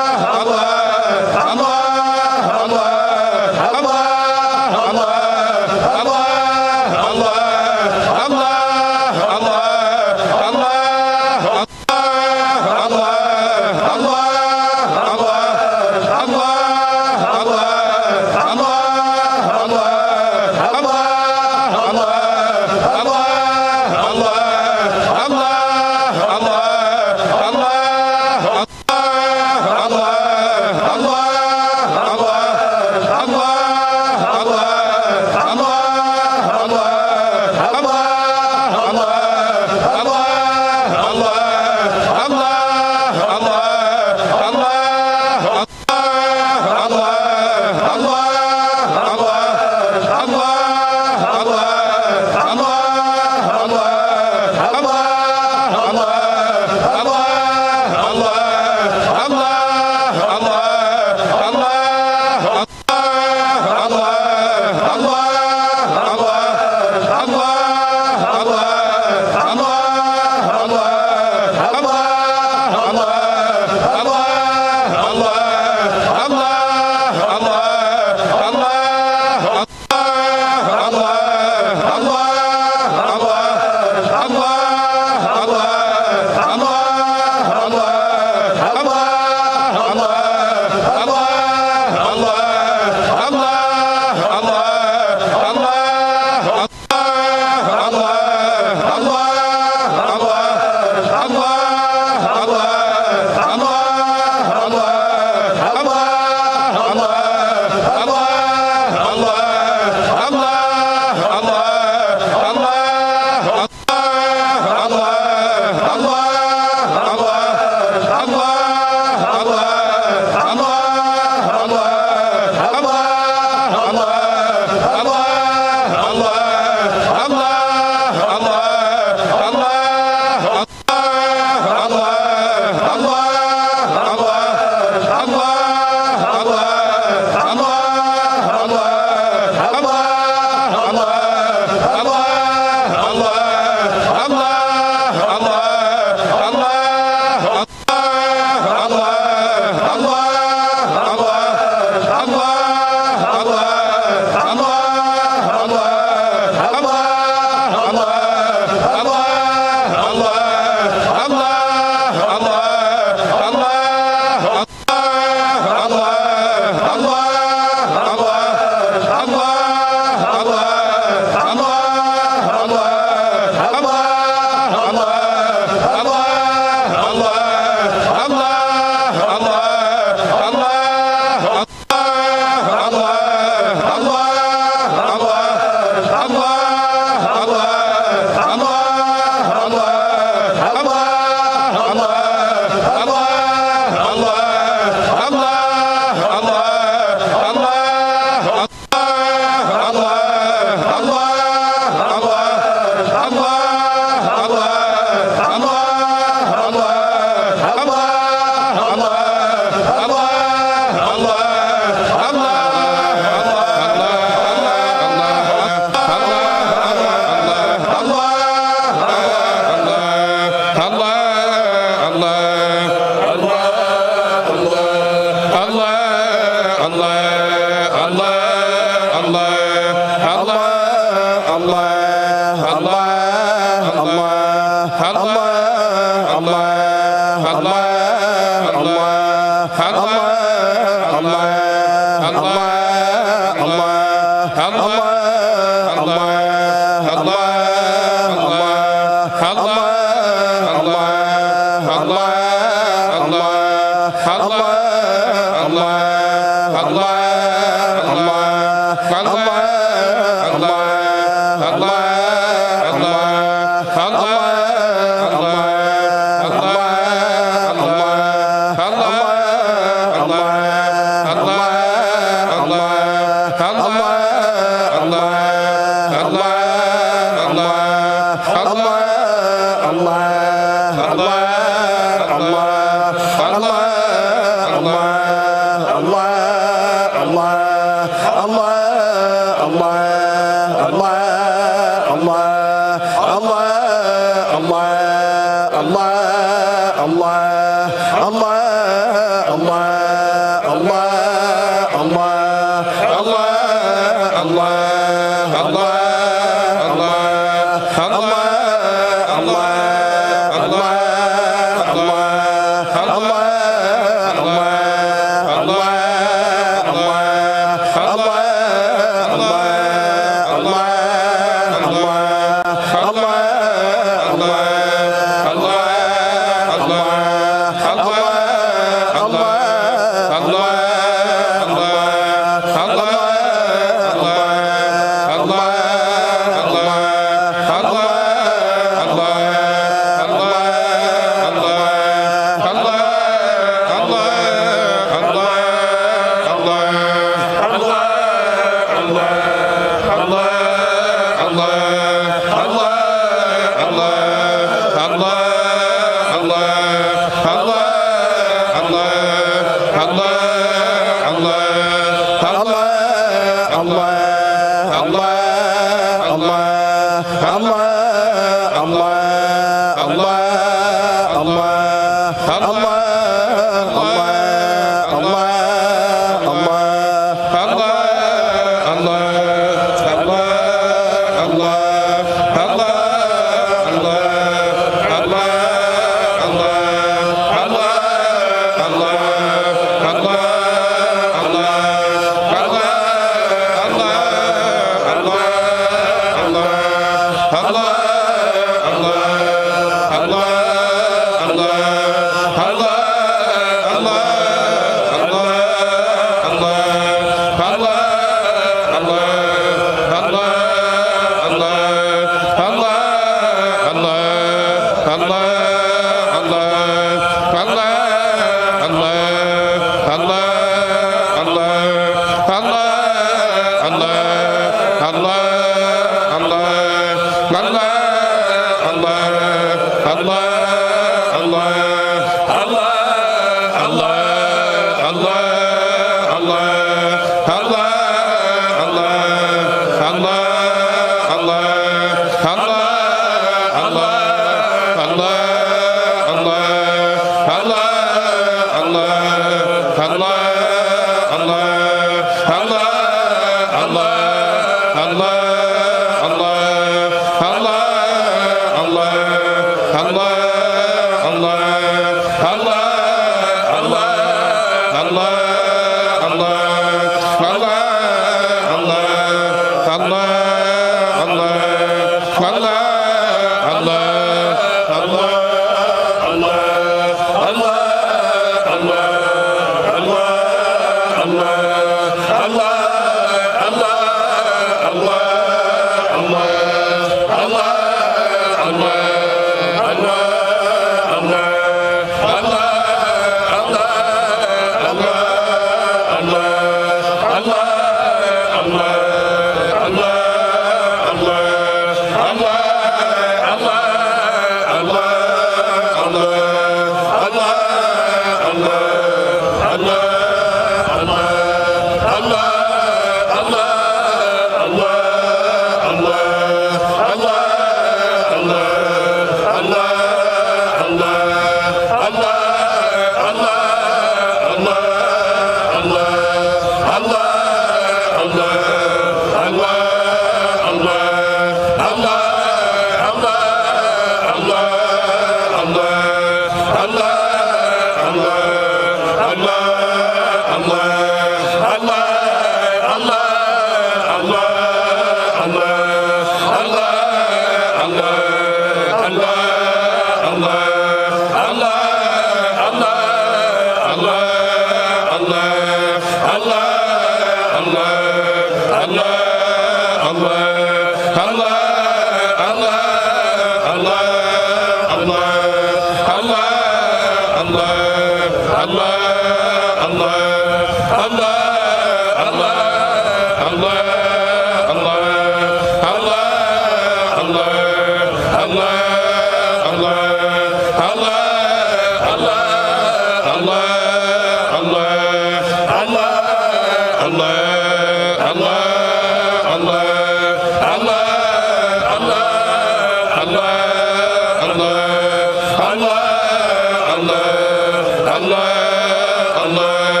Allah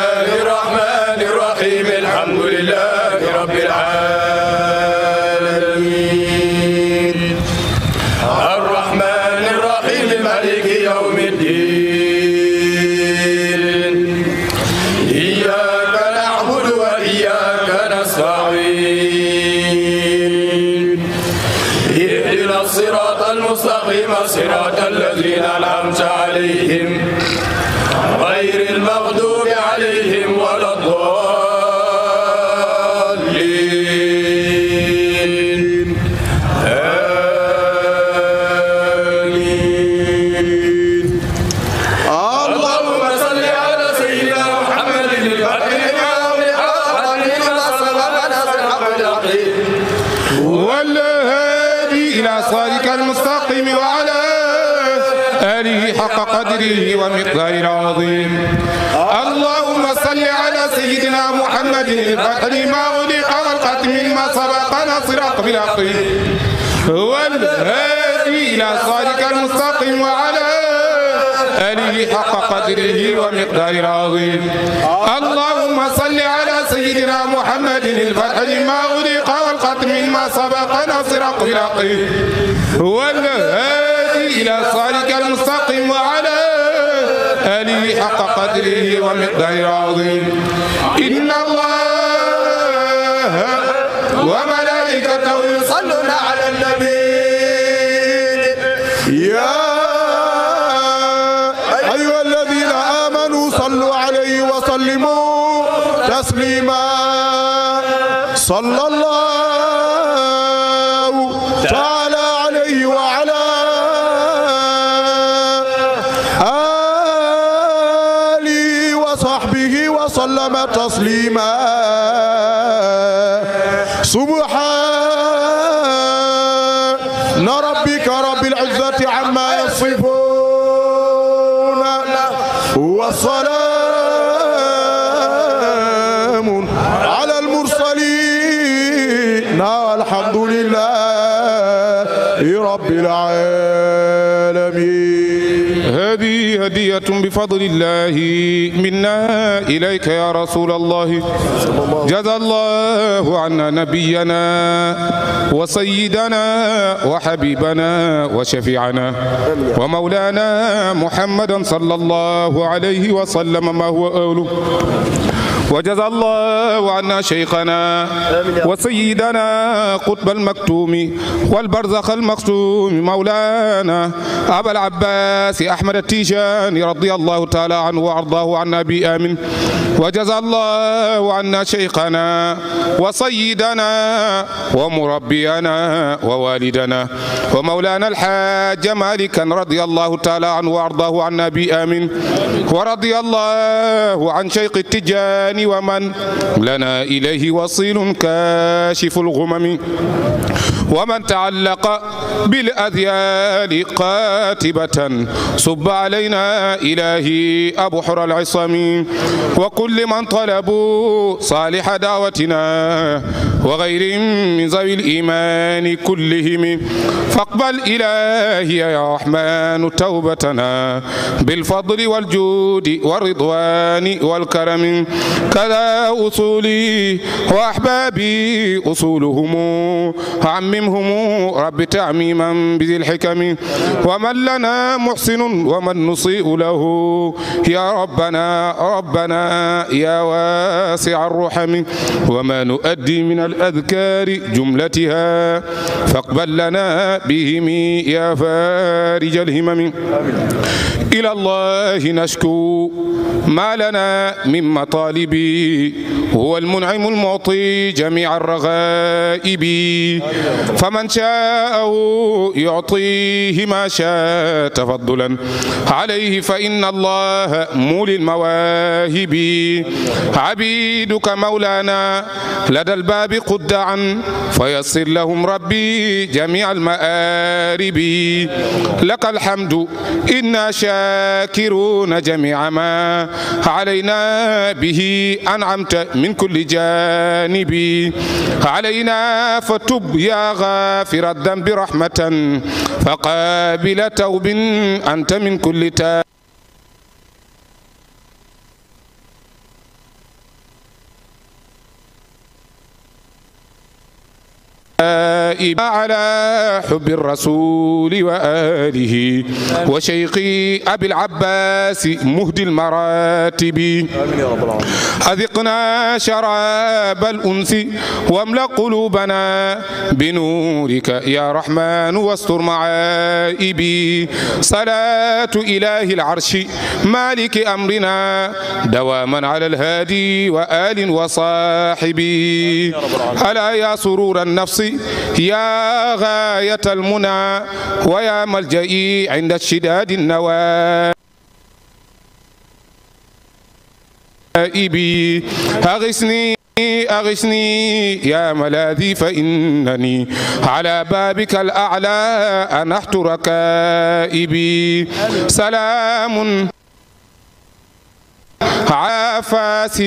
جلاله ومقدار عظيم اللهم صل على سيدنا محمد الفاتح ما أغلق والختم لما سبق نصر بالحق والهادي إلى صادق المستقيم وعلى آله حق قدره ومقدار العظيم اللهم صل على سيدنا محمد الفتح لما أغلق والختم ما سبق نصر بالحق والهادي إلى صادق المستقيم قدره ومقداره عظيم إن الله وملائكته يصلون على النبي يا أيها الذين آمنوا صلوا عليه وسلموا تسليما صلى الله تعالى العالمين هذه هدية بفضل الله منا إليك يا رسول الله جزى الله عنا نبينا وسيدنا وحبيبنا وشفيعنا ومولانا محمدا صلى الله عليه وسلم ما هو أهله وجزى الله عنا شيخنا وسيدنا قطب المكتوم والبرزخ المختوم مولانا أبا العباس أحمد التيجاني رضي الله تعالى عنه وأرضاه عنا بآمن وجزى الله عنا شيخنا وسيدنا ومربينا ووالدنا ومولانا الحاج مالكا رضي الله تعالى عنه وأرضاه عنا بآمن ورضي الله عن شيخ التجاني الرحمن ومن لنا إليه وصيل كاشف الغمم wa man taallaqa bil adyaali qaatibatan sub alayna ilaahi abu hurra al isami wa kulli man talabu saaliha daawatina wa gayrihim min zawi al iimaani kullihim faqbal ilaahi yaa rahmaanu tawbatana bil fadli wal juudi wal ridwaani wal karami kadaa usuuli wa ahbaabi usuuluhum وتممهم رب تعميما بذي الحكم ومن لنا محسن ومن نصيء له يا ربنا ربنا يا واسع الرحم وما نؤدي من الأذكار جملتها فاقبل لنا بهم يا فارج الهمم إلى الله نشكو ما لنا من مطالب هو المنعم المعطي جميع الرغائب فمن شاءه يعطيه ما شاء تفضلا عليه فإن الله مولي المواهب عبيدك مولانا لدى الباب قدعا فيسر لهم ربي جميع المآرب لك الحمد إنا شاكرون جميع ما علينا به أنعمت من كل جانب علينا فتب يا غافر الذنب رحمة فقابل توب أنت من كل تاب على حب الرسول وآله وشيخي أبي العباس مهدي المراتب أذقنا شراب الأنس واملأ قلوبنا بنورك يا رحمن واستر معائبي صلاة إله العرش مالك أمرنا دواما على الهادي وآل وصاحبي ألا يا سرور النفس البدر يا غاية المنى ويا ملجئي عند اشتداد النوى إبي أغسني أغشني يا ملاذي فإنني على بابك الأعلى أنحت ركائبي سلام عافاس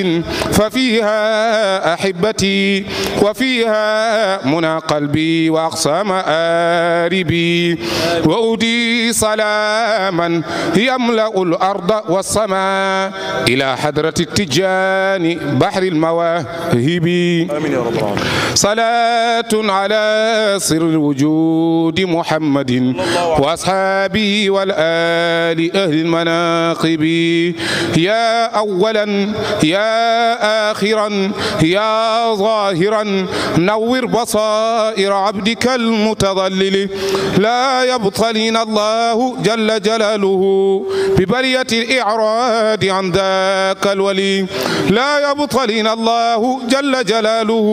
ففيها أحبتي وفيها منى قلبي وأقصى مآربي وأودي سلاما يملأ الأرض والسماء إلى حضرة التجاني بحر المواهب صلاة على سر الوجود محمد وأصحابه والآل أهل المناقب يا يا أولا يا آخرا يا ظاهرا نور بصائر عبدك المتضلل لا يبطلن الله جل جلاله ببرية الإعراض عن ذاك الولي لا يبطلن الله جل جلاله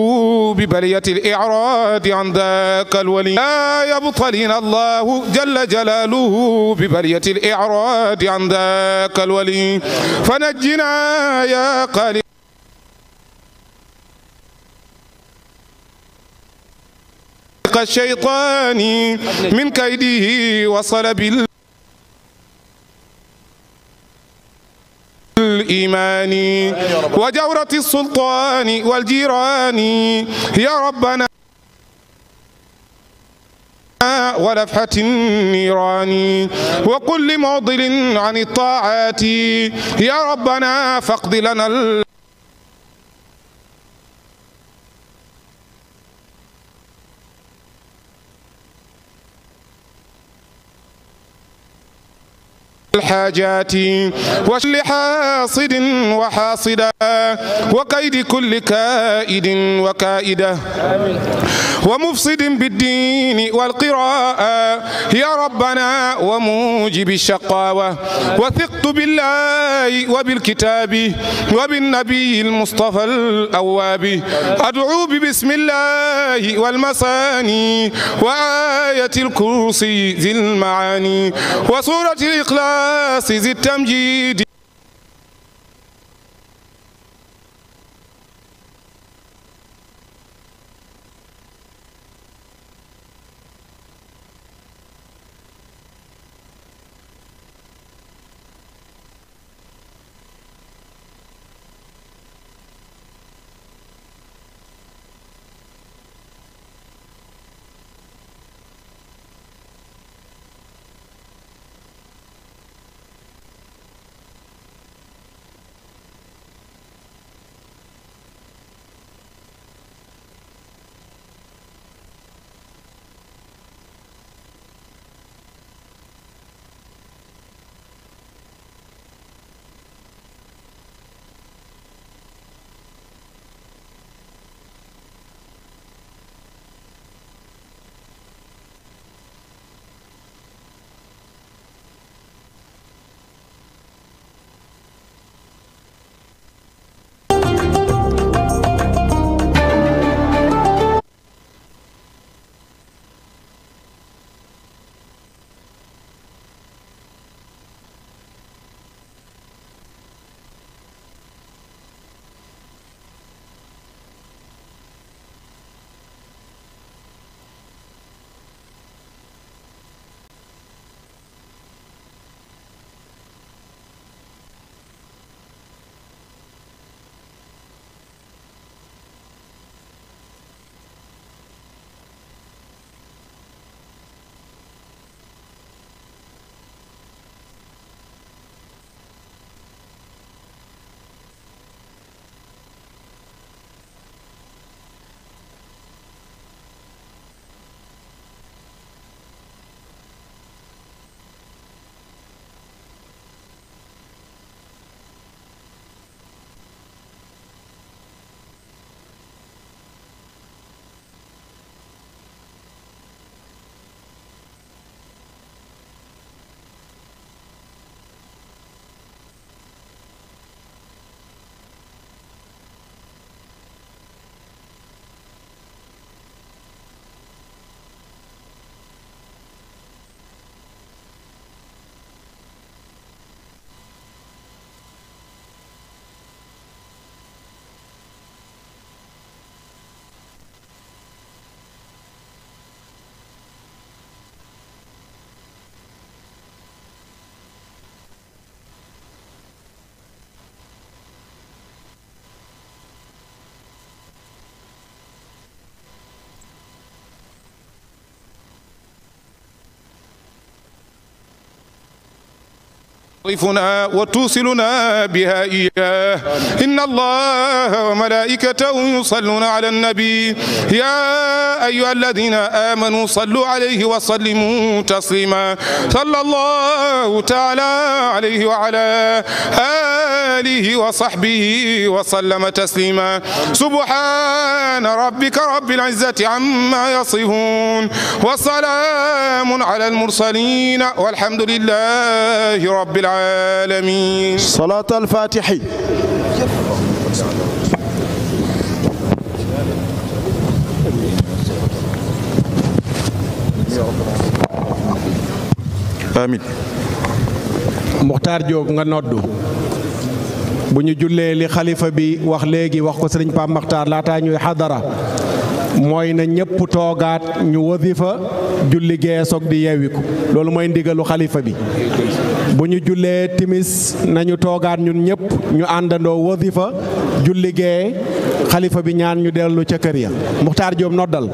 ببرية الإعراض عن ذاك الولي لا يبطلن الله جل جلاله ببرية الإعراض عن ذاك الولي فنج ونجنا يا قريب الشيطان من كيده وصلب الإيمان وجورة السلطان والجيران يا ربنا ولفحة النيران وكل معضل عن الطاعات يا ربنا فاقض لنا الحاجات وشل حاصد وحاصدا وقيد كل كائد وكائدة ومفسد بالدين والقراءة يا ربنا وموجب الشقاوة وثقت بالله وبالكتاب وبالنبي المصطفى الأواب أدعو ببسم الله والمساني وآية الكرسي ذي المعاني وسورة الإخلاص مقاصد التمجيد تعرفنا وتوصلنا بها إياه إن الله وملائكته يصلون على النبي يا أيها الذين آمنوا صلوا عليه وسلموا تسليما صلى الله تعالى عليه وعلى آله وصحبه وسلم تسليما سبحان سبحان ربك رب العزة عما يصفون وسلام على المرسلين والحمد لله رب العالمين صلاة الفاتح amiin Muxtaar Jóob nga noddu bu ñu jullee li xalifa bi wax léegi wax ko sëriñ Pape Makhtar laataa ñuy xadara mooy na ñëpp toogaat ñu wasifa julli gee soog di yeewiku loolu mooy ndigalu xalifa bi bu ñu jullee timis nañu toogaat ñun ñëpp ñu àndandoo wasifa julli gee xalifa bi ñaan ñu dellu ca kër ya Muxtaar Jóob noddal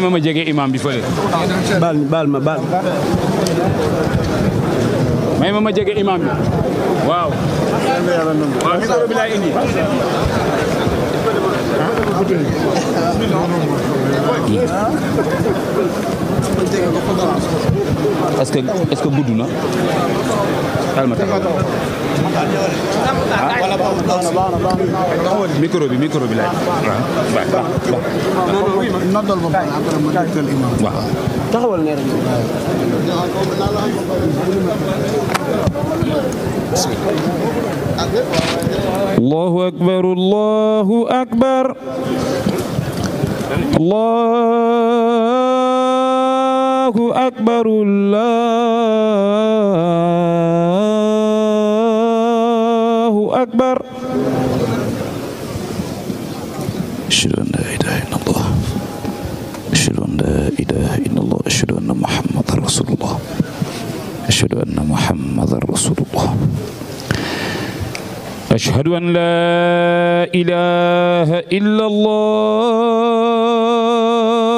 may ma ma jege imam bi fële. baal baal ma baal. may ma ma jege imam bi waaw. waaw micro bi laay indi. est-ce que est-ce que gudd na. calme ah. micro bi micro bi laaj. waaw ah, taxawal ne rek. allahu akbar allahu akbar allah allahu akbar allahu akbar ashhadu an la ilaha illallah ashhadu an la ilaha illallah ashhadu anna muhammadan rasulullah ashhadu anna muhammadan rasulullah ashhadu an la ilaha illallah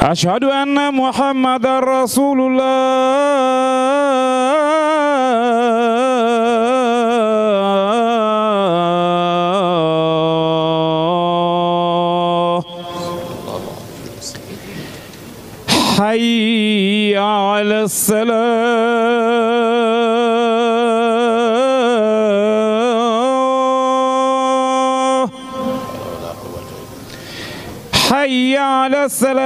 أشهد أن محمدا رسول الله حي على السلام حي على الصلاة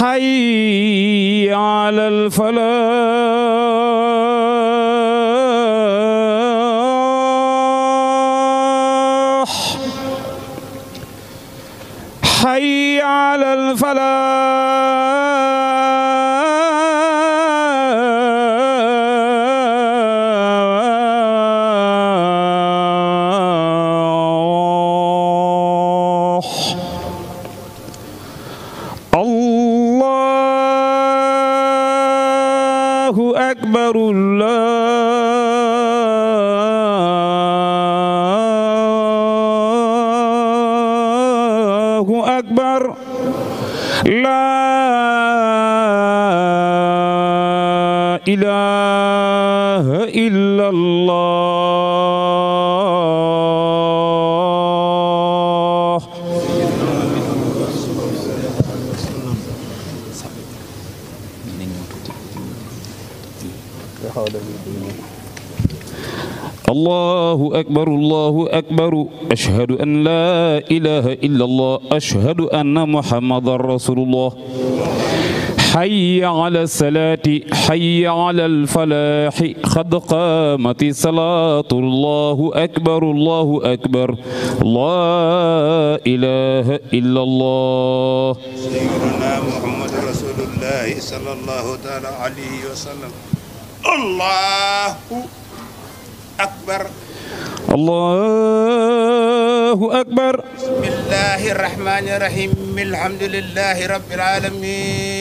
حي على الفلاح إلا الله الله أكبر الله أكبر أشهد أن لا إله إلا الله أشهد أن محمد رسول الله حي على الصلاة حي على الفلاح قد قامت الصلاة الله أكبر الله أكبر لا إله إلا الله سيدنا محمد رسول الله صلى الله تعالى عليه وسلم الله أكبر الله أكبر بسم الله الرحمن الرحيم الحمد لله رب العالمين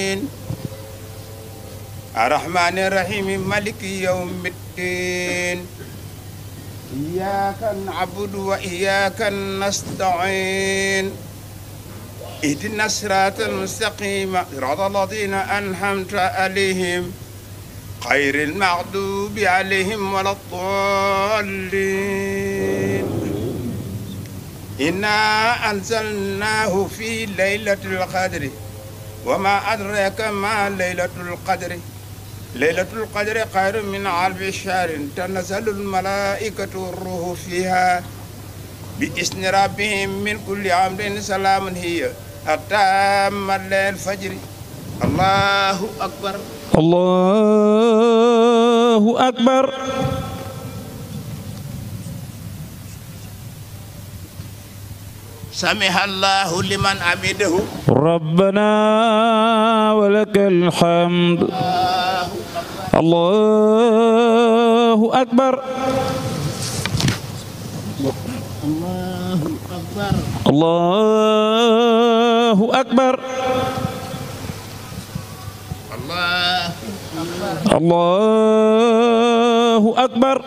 الرحمن الرحيم مالك يوم الدين إياك نعبد وإياك نستعين اهدنا الصراط المستقيم صراط الذين أنعمت عليهم غير المغضوب عليهم ولا الضالين إنا أنزلناه في ليلة القدر وما أدراك ما ليلة القدر ليلة القدر خير من ألف شهر تنزل الملائكة والروح فيها بإذن ربهم من كل أمر سلام هي حتى مطلع الفجر الله أكبر الله أكبر samiha allahu liman amidahu rabbana walakal hamd allahu akbar allahu akbar allahu akbar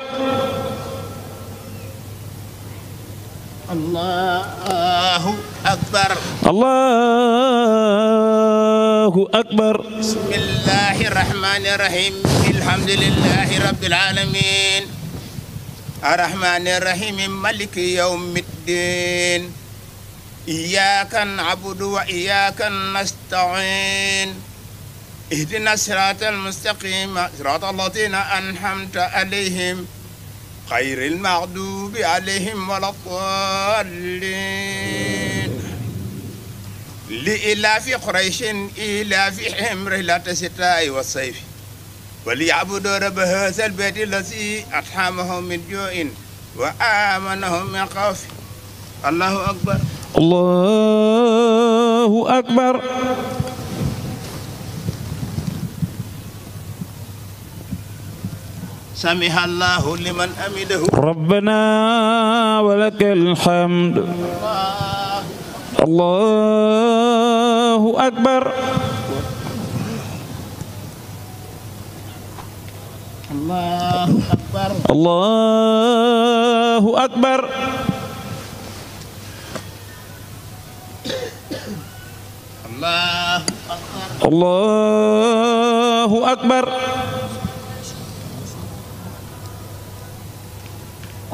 allahu akbar allahu akbar bismillahi rahmani rahim alhamdulillahi rabbil alamin arrahmani rahim maliki yawmiddin iyyaka na'budu wa iyyaka nasta'in ihdina siratal mustaqim siratal ladina an'amta alayhim غير المغضوب عليهم ولا الضالين لإلاف قريش إلافهم رحلة الشتاء والصيف وليعبدوا رب هذا البيت الذي أطعمهم من جوع وآمنهم من خوف الله أكبر الله أكبر سمح الله لمن أمده ربنا ولك الحمد الله أكبر الله أكبر الله أكبر الله أكبر الله أكبر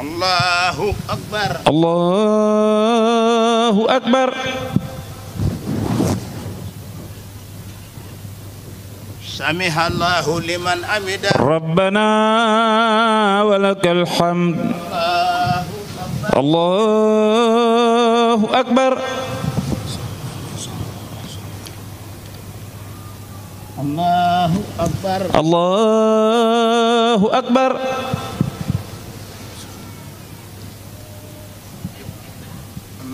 allahu akbar allahu akbar samiha allahu liman amida rabbana walakal hamd allahu akbar allahu akbar allahu akbar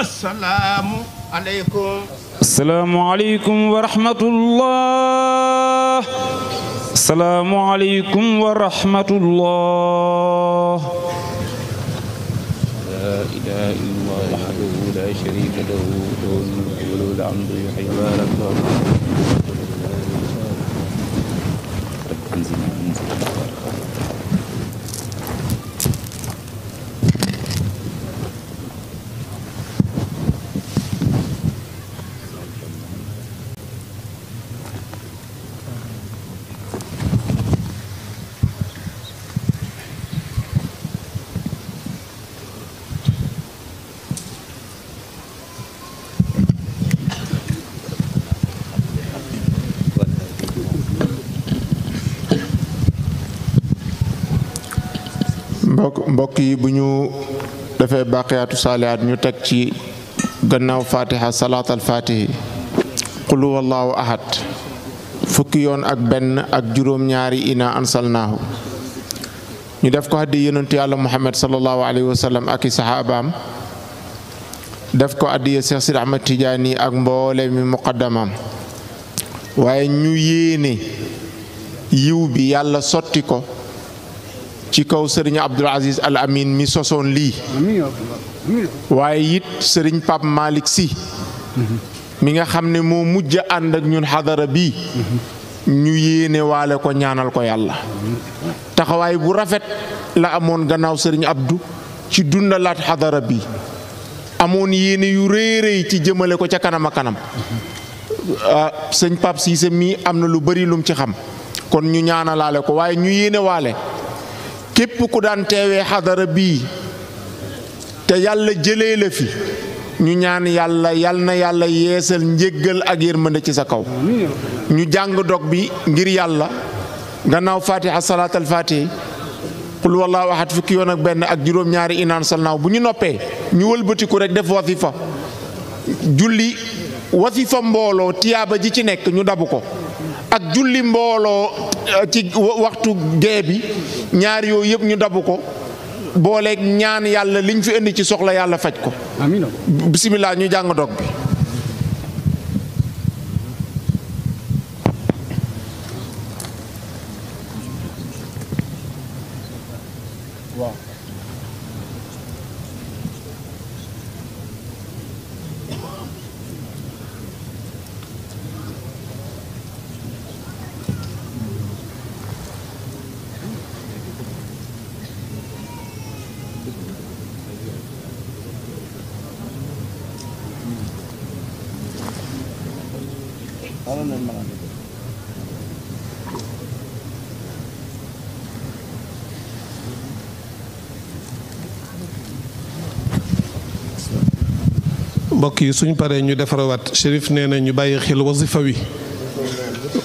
assalaamu aleykum assalaamu aleykum wa rahmatullah assalaamu aleykum wa rahmatullah laa ilaaha illallaah wahdahu laa shariika lahu lahul mulku wa lahul hamdu yuhyi wa yumiitu mbokk yi bu ñu defee baqiyaatu saalihaat ñu teg ci gannaaw fatiha salaatal fatihi qul huwallaahu ahad fukki yoon ak benn ak juróom-ñaari ina ansalnaahu ñu def ko addi yonentu yàlla muhammad sallallahu alayhi ak i saxaabaam def ko addiya Seex Sidi Ahmad Tijaani ak mboole muqaddamaam waaye ñu yéene yiw bi yàlla sotti ko ci kaw sëriñ Abdul Aziz Al Amin mi sosoon lii waaye it sëriñ Pape Malick Sy mi nga xam ne moo mujj ànd ak ñun xadara bi ñu yéene waale ko ñaanal ko yàlla taxawaay bu rafet la amoon gannaaw sëriñ Abdou ci dundalaat xadara bi amoon yéene yu rëy rëy ci jëmale ko ca kanam a kanam ah, sëñ Pape Cissé mii am na lu bari lum ci xam kon ñu ñaanalaale ko waaye ñu yéene képp ku daan teewee xadara bii te yàlla jëlee fi ñu ñaan yàlla yal na yàlla yeesal njëgal ak yërmande ci sa kaw ñu jàng dog bi ngir yàlla gannaaw fatiha salaatal fatih qul wallahu ahad fukki yoon ak benn ak juróom ñaari inaan salnaaw bu ñu noppee ñu wëlbatiku rek def wasifa julli wasifa mbooloo tiyaaba ji ci nekk ñu dabu ko ak julli mbooloo euh, ci waxtu gee bi ñaar yooyu yëpp ñu dabu ko booleek ñaan yàlla liñ fi indi ci soxla yàlla faj ko bisimilah ñu jàng dog bi mbokk yi suñ paree ñu defarawaat Chérif nee na ñu bàyyi xel wasifa wi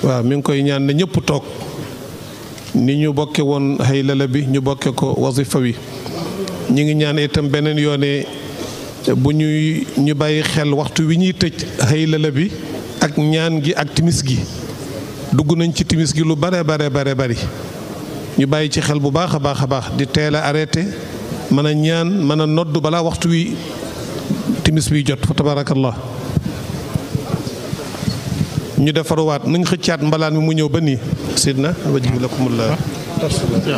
waaw mi ngi koy ñaan na ñëpp toog ni ñu bokke woon xaylala bi ñu bokke ko wasifa wi ñu ngi ñaan itam beneen yoone bu ñuy ñu bàyyi xel waxtu wi ñuy tëj xaylala bi ak ñaan gi ak timis gi dugg nañ ci timis gi lu bare bare bare bari ñu bàyyi ci xel bu baax a baax a baax di teel a arrêté a ñaan mën a nodd balaa waxtu wi timis bi jot fa tabarakallah ñu defaruwaat nañ xëccaat mbalaan mi mu ñëw ba nii sidna wajib lakumullah bismillah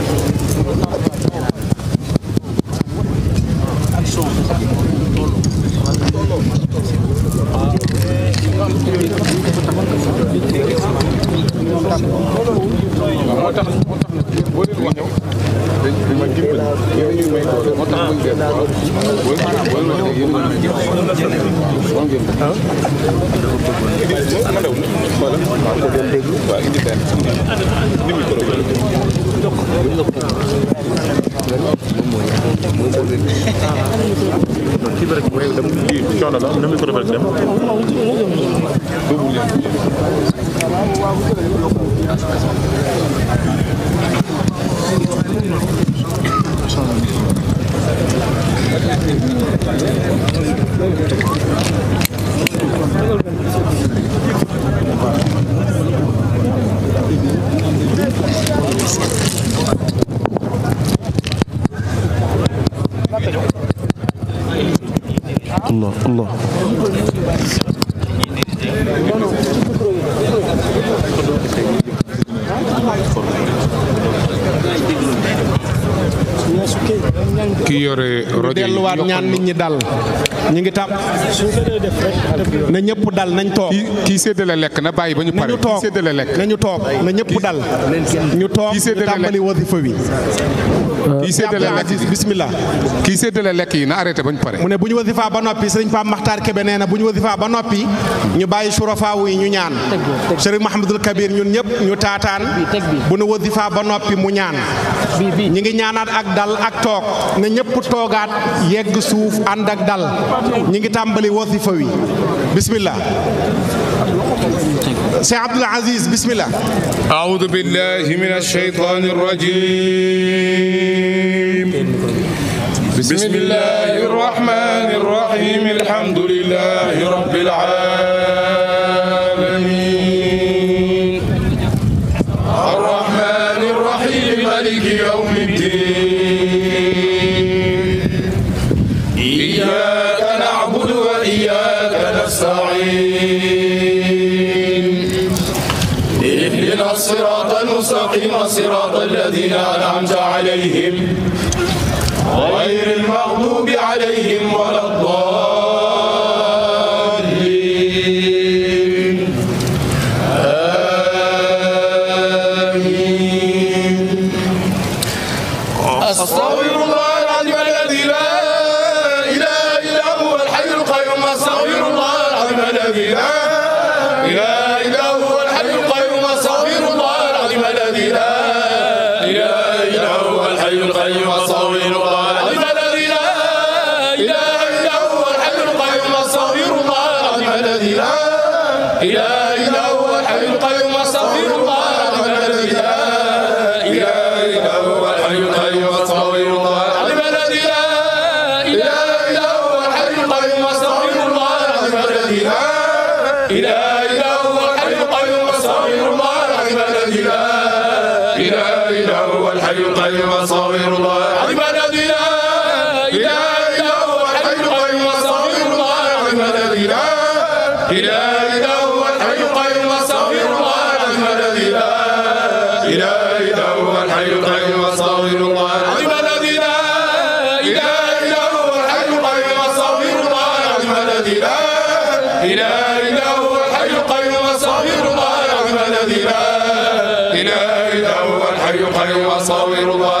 allah allah delluwaat ñaan nit ñi dal ñu ngi tàmm na ñëpp dal nañ toog. kii séddale lekk na bàyyi ba ñu pare kii lekk na ñu toog na ñëpp dal. ñu toog ñu tàmbali wasifa wi. kii séddale lekk yi kii séddale lekk yi na arrêté ba ñu mu ne bu ñu wasifaa ba noppi sëriñ Pape Makhtar Kébé nee na bu ñu wasifaa ba noppi ñu bàyyi surafaawu yi ñu ñaan. sëriñ ñun ñëpp ñu taataan bu ñu mu ñaan. dal na ñëpp toogaat yegg suuf ànd ak dal ñi ngi tàmbali wasifa wi bismillah Seex Abdul Aziz bismillah a'uudu billahi minash shaytaanir rajiim bismillahir rahmaanir rahiim alhamdulillahi rabbil aalamiin أنعمت عليهم وصغير الله عظيم الذي لا إله إلا هو الحي القيوم وصغير الله عظيم الذي لا إله إلا هو الحي القيوم وصغير الله عظيم الذي لا إله إلا هو الحي القيوم وصغير الله عظيم الذي لا إله إلا هو الحي القيوم وصغير الله عظيم الذي لا إله إلا هو الحي القيوم وصغير الله عظيم الذي لا إله إلا هو الحي القيوم وصغير الله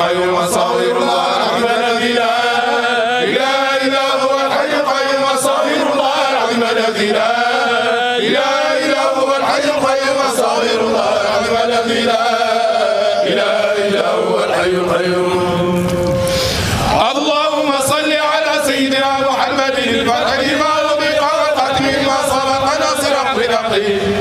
القيوم الصغير الله العظيم الذي لا إله إلا هو الحي القيوم الصغير الله العظيم الذي لا إله إلا هو الحي القيوم الصغير الله العظيم الذي لا إله إلا هو الحي القيوم اللهم صل على سيدنا محمد الفاتح لما وبقى الختم ما سبق نصر الخلق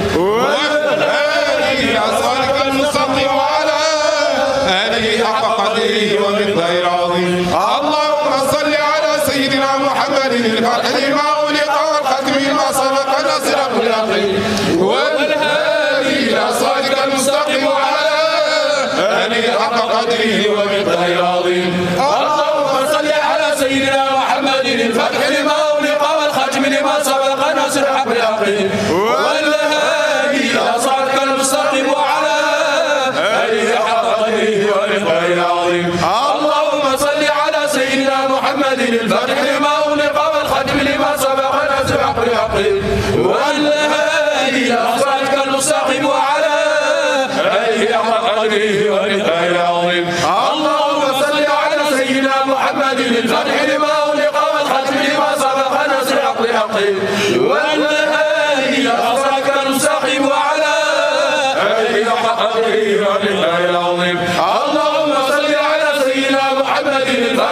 لله العظيم اللهم صل على سيدنا محمد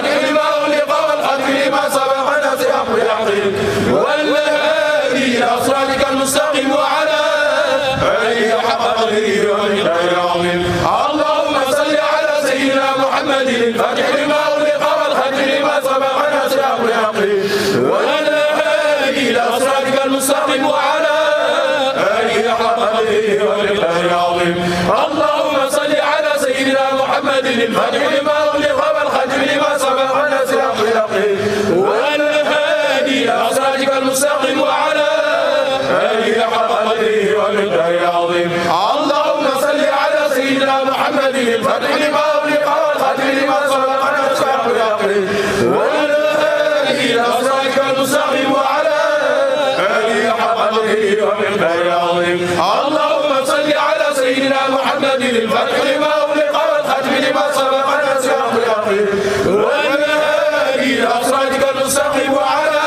الكفاية عظيم اللهم صل على سيدنا محمد الفتح لما أغلق والختم لما سبق نسير اليقين والهادي إلى صراطك المستقيم وعلى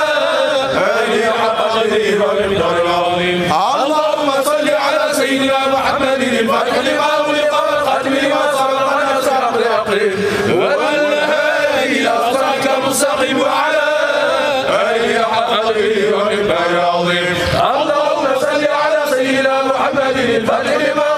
آله حق قدره ومقداره العظيم اللهم صل على سيدنا محمد الفتح لما أغلق والختم لما سبق نسير اليقين والهادي إلى صراطك المستقيم وعلى آله حق قدره ومقداره العظيم الفجر ما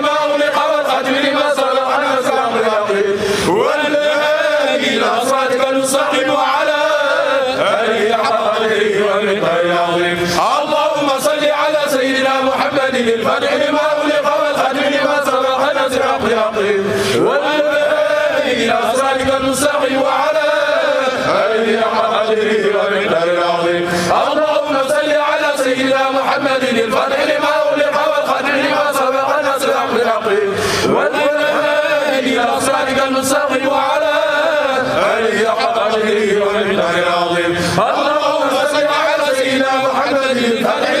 يقم والذي إلى صراطك المستقيم وعلى آله حق قدره ومقدار العظيم اللهم صل على سيدنا محمد الفاتح لما أغلق والخاتم لما سبق الناس الحق العقيم والذي إلى صراطك المستقيم وعلى آله حق قدره ومقدار العظيم اللهم صل على سيدنا محمد الفاتح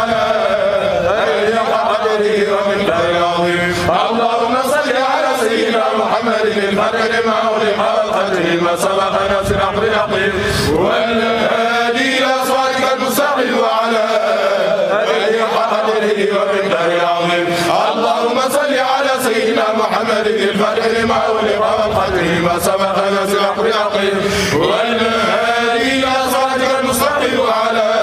لما أولم هذا القدر ما سبقنا سرق بنقيم والهادي إلى صراطك المستقيم وعلى آله حق قدره ومقداره العظيم اللهم صل على سيدنا محمد الفرح لما أولم هذا القدر ما سبقنا سرق بنقيم والهادي إلى صراطك المستقيم وعلى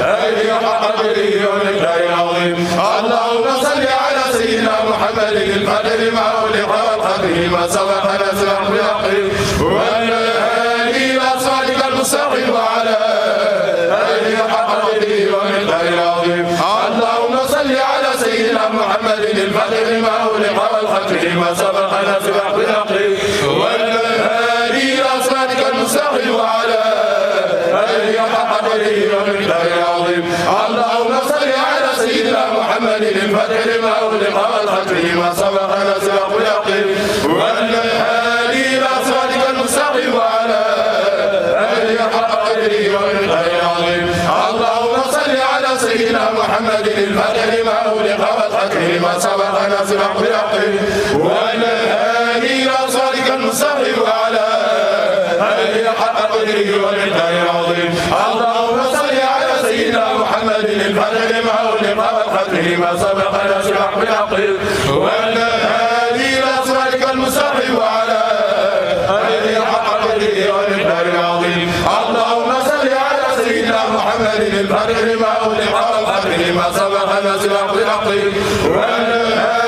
آله حق قدره ومقداره العظيم اللهم نبينا محمد القدر مع ولقاء القدر ما سبق نسمع بالأقر والآلي وأصحابك المستقيم وعلى آله حق قدره ومقدار العظيم اللهم صل على سيدنا محمد القدر مع ولقاء القدر ما سبق نسمع بالأقر عليك حق قدره ومقدار عظيم اللهم صل على سيدنا محمد الفتح لما أغلق والختم لما سبق نسبق اليقين والهادي إلى صراطك المستقيم وعلى آله حق قدره ومقدار عظيم اللهم صل على سيدنا محمد الفتح لما أغلق والختم لما سبق نسبق اليقين والهادي إلى صراطك المستقيم وعلى الذي حق قدره ومقداره العظيم اللهم صل على سيدنا محمد الفرج لما أغلق والخلق لما سبق نشرح بالعقل والهادي إلى صراطك المستقيم وعلى آله حق قدره ومقداره العظيم اللهم صل على سيدنا محمد الفرج لما أغلق والخلق لما سبق نشرح بالعقل والهادي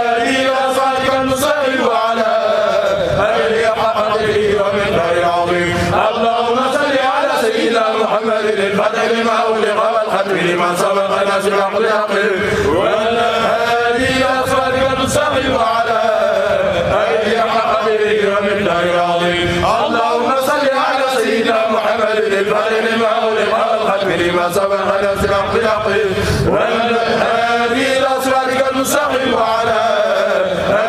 للفتح لما أغلق والختم لمن سبق ناس عقل عقل ولا هادي أصفر المستقيم وعلى أيدي حق بالإكرام الله العظيم اللهم صل على سيدنا محمد للفتح لما أغلق والختم لمن سبق ناس عقل عقل ولا هادي أصفر المستقيم وعلى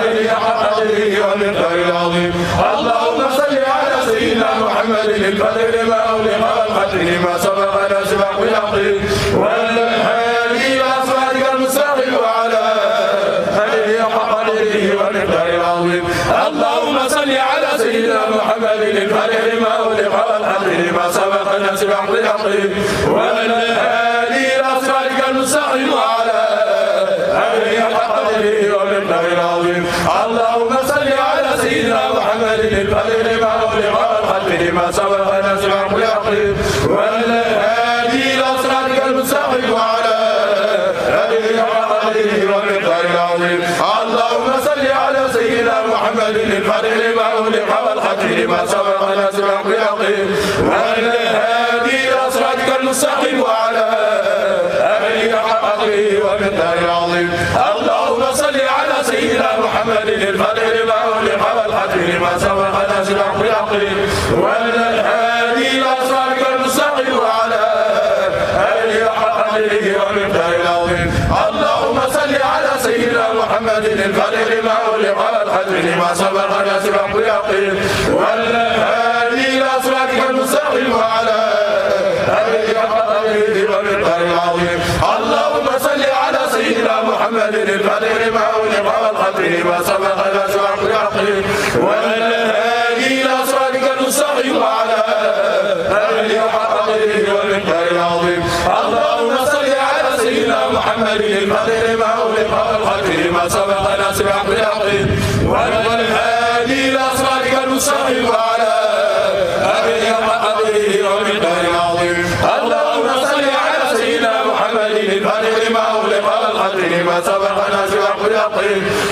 أيدي حق بالإكرام الله العظيم اللهم القدر للبدر لما أولم والقدر لما سبق نسبق بحقه والهادي بأصواتك المستقيم وعلى هديه وقدره والمقدار العظيم اللهم صل على سيدنا محمد للفرح لما أولم والقدر لما سبق نسبق بحقه والهادي بأصواتك المستقيم وعلى هديه وقدره والمقدار العظيم اللهم صل على سيدنا محمد للفرح لما أولم ما سوى نسمع يقيم لما صبر قد سبق اليقين والهادي الى صراطك المستقيم وعلى هديك قدره ومقدار عظيم اللهم صل على سيدنا محمد الفاتح لما ولقى والخطر لما سبق قد سبق اليقين والهادي الى صراطك المستقيم وعلى هديك قدره ومقدار عظيم اللهم صل على سيدنا محمد الفاتح لما ولقى والخطر لما سبق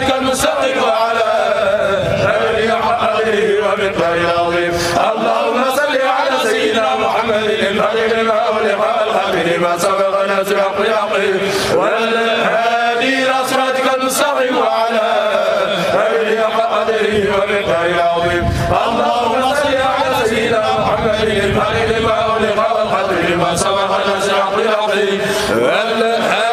صراطك المستقيم وعلى آله حق قدره ومقداره العظيم اللهم صل على سيدنا محمد الفاتح لما أغلق الحق لما سبق الناس بحق حقه والهادي إلى صراطك المستقيم وعلى آله حق قدره ومقداره العظيم اللهم صل على سيدنا محمد الفاتح لما أغلق الحق لما سبق الناس بحق حقه والهادي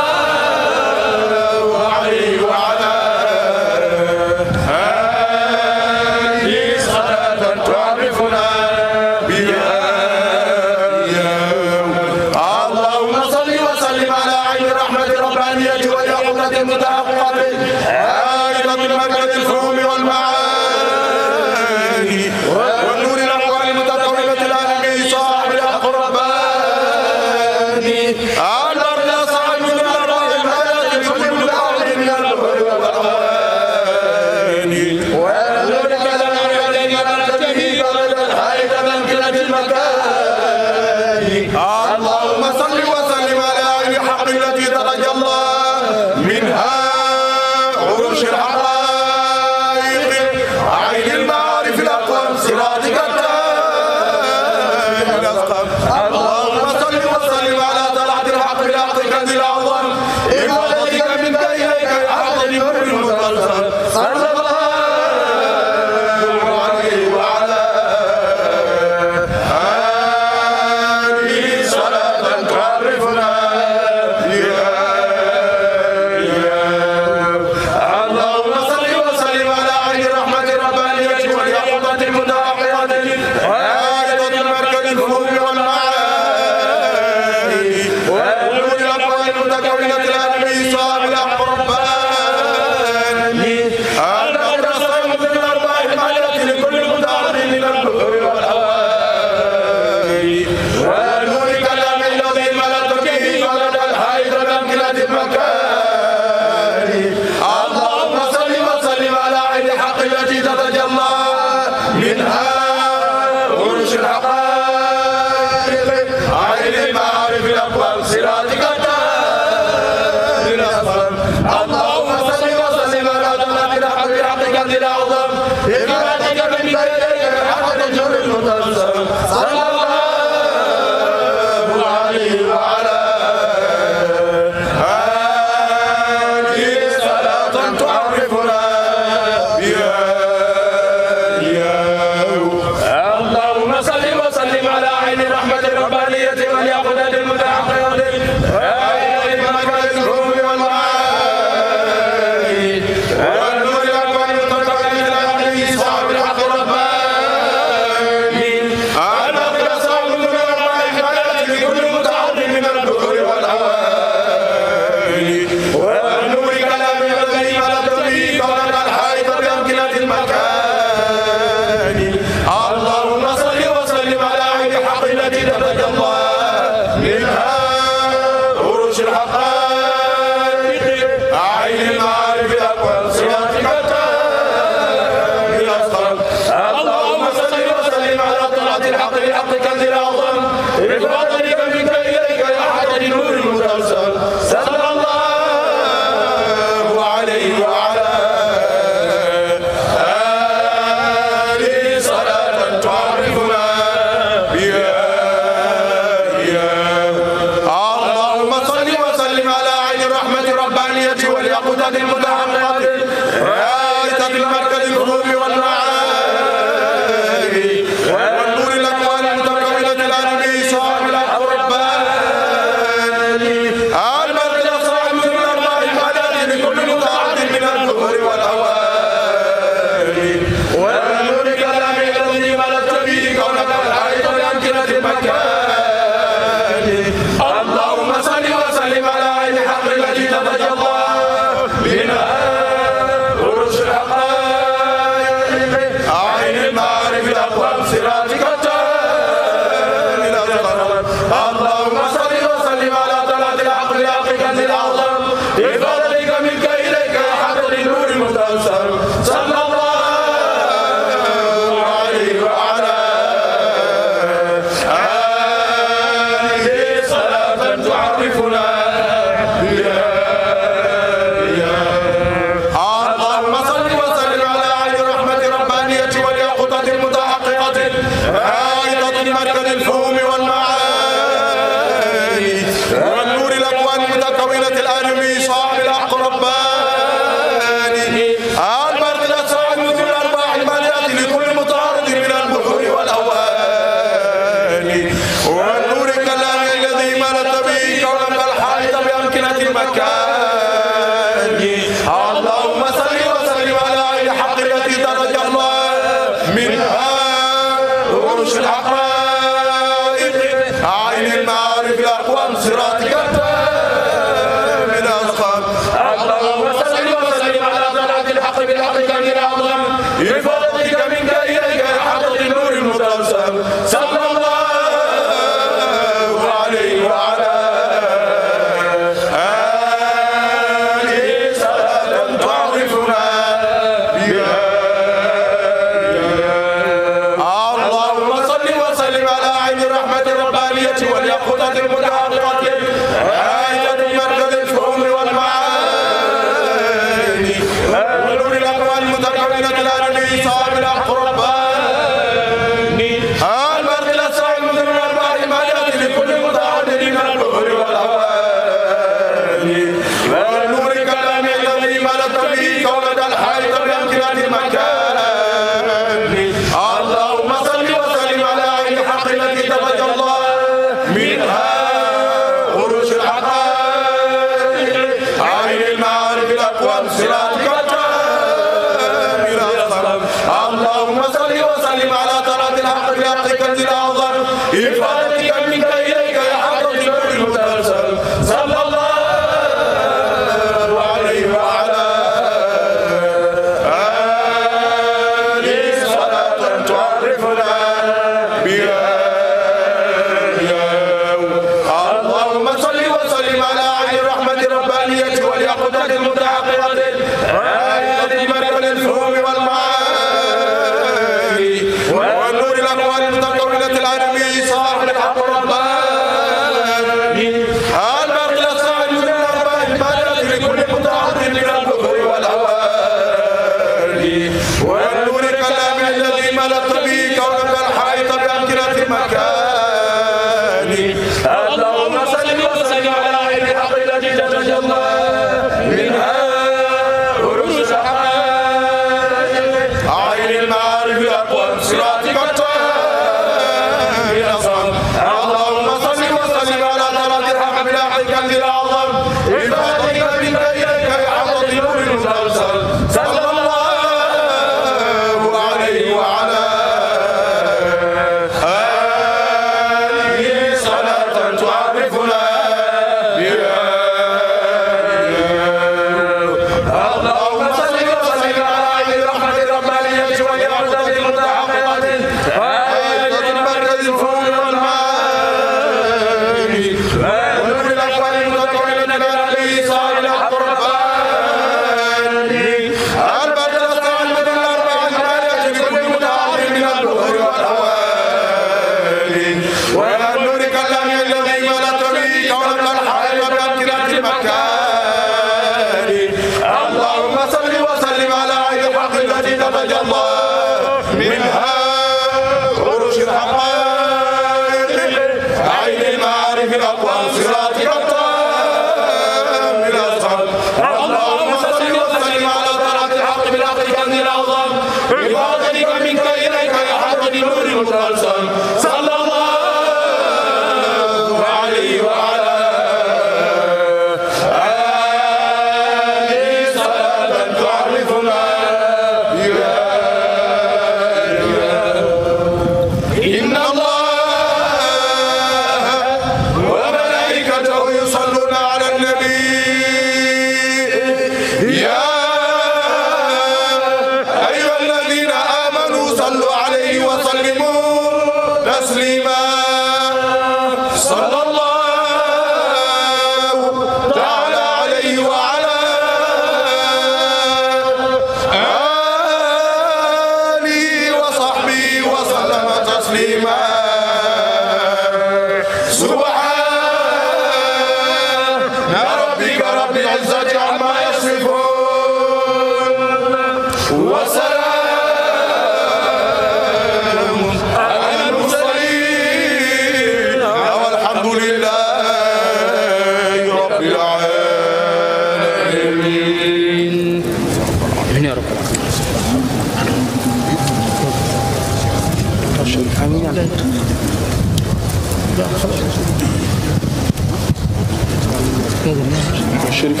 Chérif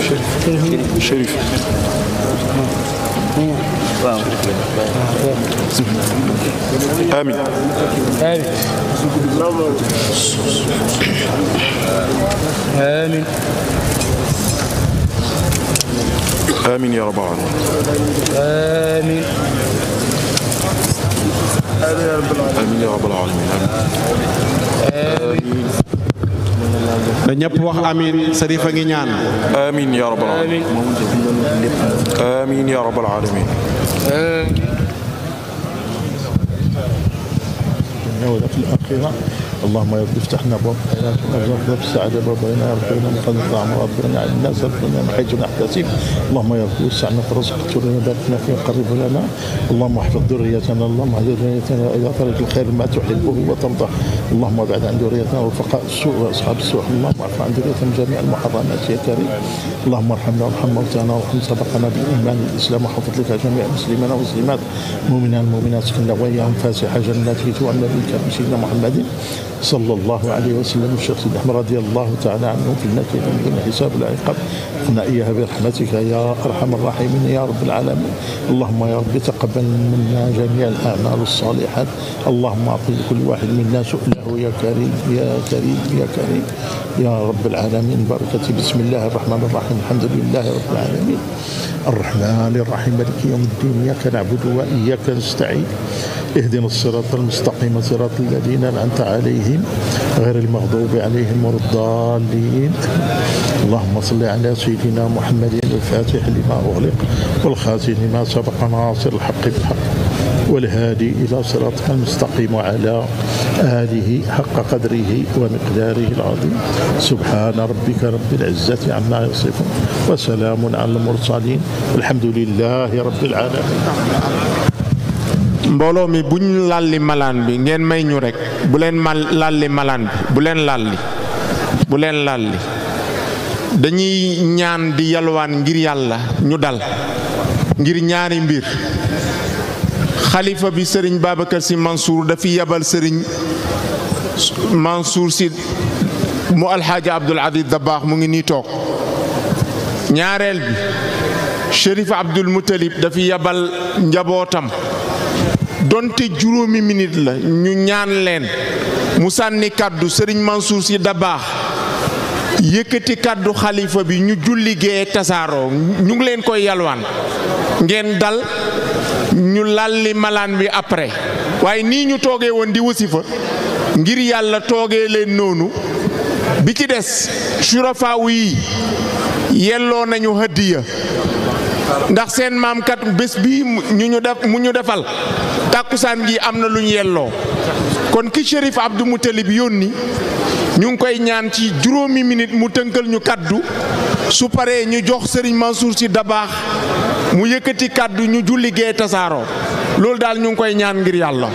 Chérif. Chérif. waaw. amiin. amiin. amiin yaa rabbal aalamiin. amiin yaa rabbal aalamiin. amiin. ñëpp wax amin Serif a ngi ñaan. amin ya rabbal alamin. amin ya rabbal alamin. اللهم افتح لنا باب باب السعادة باب غنى ربنا من الطعام ربنا عن الناس ربنا من حيث نحتسب اللهم يا رب وسعنا في رزق ترنا باركنا فيه قرب لنا اللهم احفظ ذريتنا اللهم اهد ذريتنا الى طريق الخير ما تحبه وترضى اللهم ابعد عن ذريتنا وفقاء السوء واصحاب السوء اللهم اعف عن ذريتهم جميع المحرمات يا كريم اللهم ارحمنا وارحم موتانا وارحم سبقنا بالايمان والاسلام وحفظ لك جميع المسلمين والمسلمات مؤمنا المؤمنات سكننا واياهم فاسح جناته تؤمن بك سيدنا محمد صلى الله عليه وسلم الشيخ سيدنا رضي الله تعالى عنه في النكير من دون حساب لا عقاب وفقنا إياها برحمتك يا أرحم الراحمين يا رب العالمين اللهم يا رب تقبل منا جميع الأعمال الصالحات اللهم أعطي كل واحد منا سؤله يا كريم يا كريم يا كريم يا رب العالمين بركة بسم الله الرحمن الرحيم الحمد لله رب العالمين الرحمن الرحيم مالك يوم الدين إياك نعبد وإياك نستعين اهدنا الصراط المستقيم صراط الذين أنعمت عليهم غير المغضوب عليهم ولا الضالين اللهم صل على سيدنا محمد الفاتح لما أغلق والخاتم لما سبق ناصر الحق بالحق والهادي إلى صراطك المستقيم وعلى آله حق قدره ومقداره العظيم سبحان ربك رب العزة عما يصفون وسلام على المرسلين والحمد لله رب العالمين mbooloo mi bu ñu lalli malaan bi ngeen may ñu rek bu leen ma lalli malaan bi bu leen lalli bu dañuy ñaan di yalwaan ngir yàlla ñu dal ngir ñaari mbir xalifa bi sëriñ Babacar Sy Mansour dafi yabal sëriñ Mansour si mu alxaaji Abdul Aziz Dabaax mu ngi nii toog ñaareel bi Chérif Abdul Muttalib dafi yabal njabootam doonte juróomi minit la ñu ñaan leen mu sànni kàddu sëriñ Mansour si baax yëkkati kàddu xalifa bi ñu julli gee tasaaroo ñu ngi leen koy yalwaan ngeen dal ñu lalli malaan bi après waaye nii ñu toogee woon di wasifa ngir yàlla toogee leen noonu bi ci des surafaaw yi yelloo nañu hadiya ndax seen maamkat bés bii mu ñu defal tàkkusaan gi am na lu yelloo kon ki Chérif Abdou Moutalib yónni ñu ngi koy ñaan ci juróomi minute mu tënkal ñu kàddu su paree ñu jox sëriñ Mansour si dabaax mu yëkkati kàddu ñu julli gee tasaaroo loolu daal ñu ngi koy ñaan ngir yàlla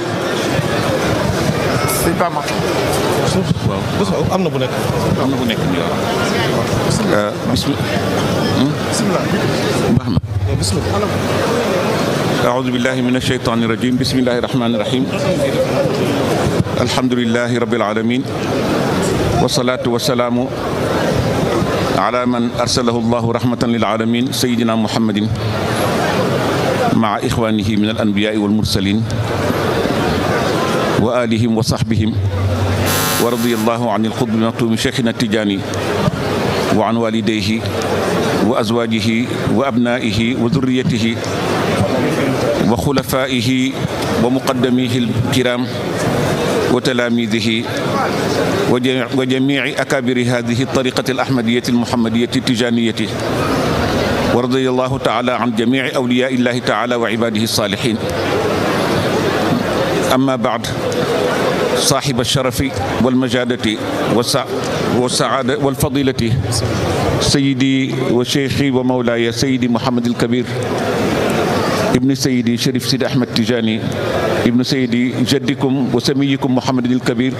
sëñ Pape Makhtar. suuf waaw am na bu nekk. am na bu nekk nii waaw. bisimilah bisimilah. baax na. bisimilah. أعوذ بالله من الشيطان الرجيم بسم الله الرحمن الرحيم الحمد لله رب العالمين والصلاة والسلام على من أرسله الله رحمة للعالمين سيدنا محمد مع إخوانه من الأنبياء والمرسلين wa alihim wa sahbihim wa radiyallahu an alxutbi maktuumi cheikhina tijaani wa an walidayhi wa azwaajihi wa abnaa'ihi wa durriyatihi wa xulafaa'ihi wa muqaddamihi alkiraam wa talaamiidihi wa jamiici akaabiri haadihi tariqati alahmadiyati almuhammadiyati tijaaniyati wa radiyallahu taala an jamiici awliyaa illaahi taala wa cibaadihi saalihiin amma baad saaxiba sharafi wal majaadati wa sa wa saada wal fadilati sayidi wa cheikhi wa mawlaaya sayidi Mouhamed El Kabir ibnu sayidi Cherif Sidi Ahmed Tijani ibnu sayidi jaddikum wa samiyikum Mouhamed El Kabir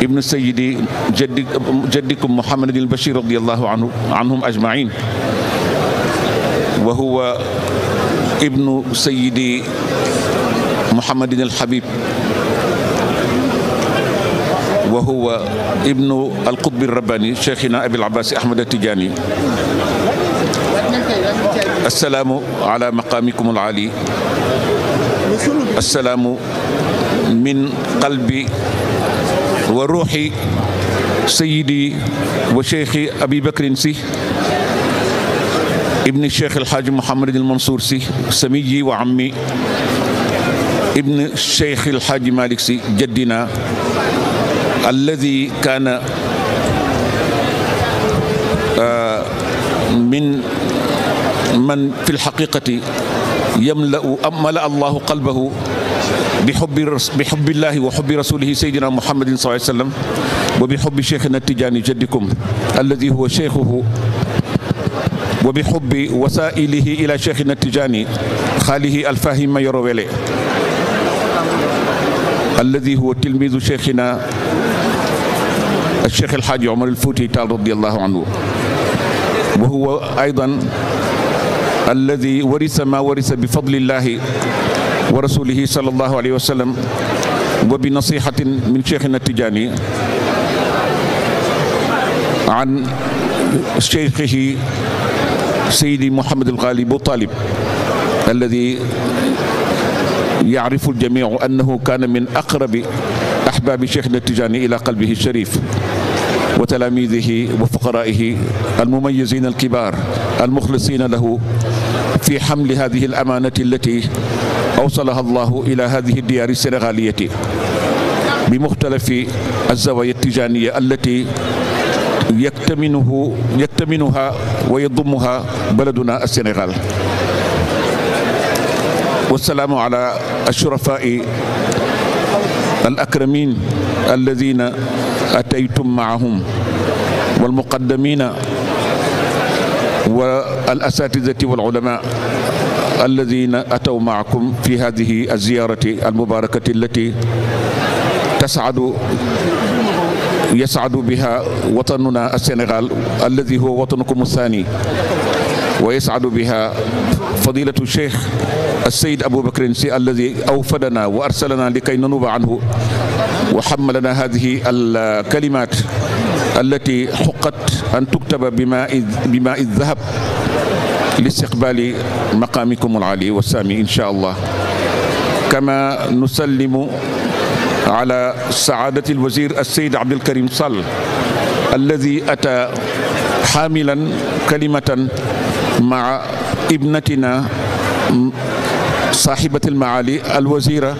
ibnu sayidi jaddi jaddikum Mouhamed El Bachir radiyallahu anhu anhum ajmain wa huwa ibnu sayidi muhammadin alxabib wa huwa ibnu alqutbi rabbani cheikhina abil abbas ahmad tijaani assalaamu ala maqaamikum alaali assalaamu min qalbi wa ruuxi sayyidi wa cheikhi abi bakrin si ibni cheikh alxaaji muhammadin almansuur si samiyi wa ammi ibn Cheikh El Hadj Malick Sy jaddina alladi kaana uh, min man fi lxaqiqati yamla'u mala allahu qalbahu bi xubbi bi xubbillahi wa xubbi rasulihi sayyidina muhammadin sallallahu alayhi wa sallam wa bi xubbi cheikhina tijaani jaddikum alladi huwa cheikhuhu wa bi xubbi wasaa'ilihi ila cheikhina tijaani xaalihi alfahima yorowele alladi huwa tilmiidu cheikhina cheikh alxaaji omar alfouti taal radiallahu anhu wa huwa aydan alladi warisa ma warisa bi fadlillahi wa rasulihi sallallahu alayhi wa sallam wa bi nasihatin min cheikhina tijaani an cheikhihi sayidi mohamad alxaali bu taalib alladi يعرف الجميع أنه كان من أقرب أحباب شيخنا التجاني إلى قلبه الشريف وتلاميذه وفقرائه المميزين الكبار المخلصين له في حمل هذه الأمانة التي أوصلها الله إلى هذه الديار السنغالية بمختلف الزوايا التجانية التي يكتمنه يكتمنها ويضمها بلدنا السنغال wassalaamu ala ashrafaai al akramin alladina ataytum maahum walmuqaddamina wa al asatidati wal ulama alladina ataw maakum fi hadihi alziyarati almubarakati allati tasadu yasadu biha watanuna alsénégal alladi huwa watanukum athani wa yasaadu biha fadilatu cheikh السيد أبو بكر سي الذي أوفدنا وأرسلنا لكي ننوب عنه وحملنا هذه الكلمات التي حقت أن تكتب بماء بماء الذهب لاستقبال مقامكم العالي والسامي إن شاء الله كما نسلم على سعادة الوزير السيد عبد الكريم صل الذي أتى حاملا كلمة مع ابنتنا صاحبة المعالي الوزيرة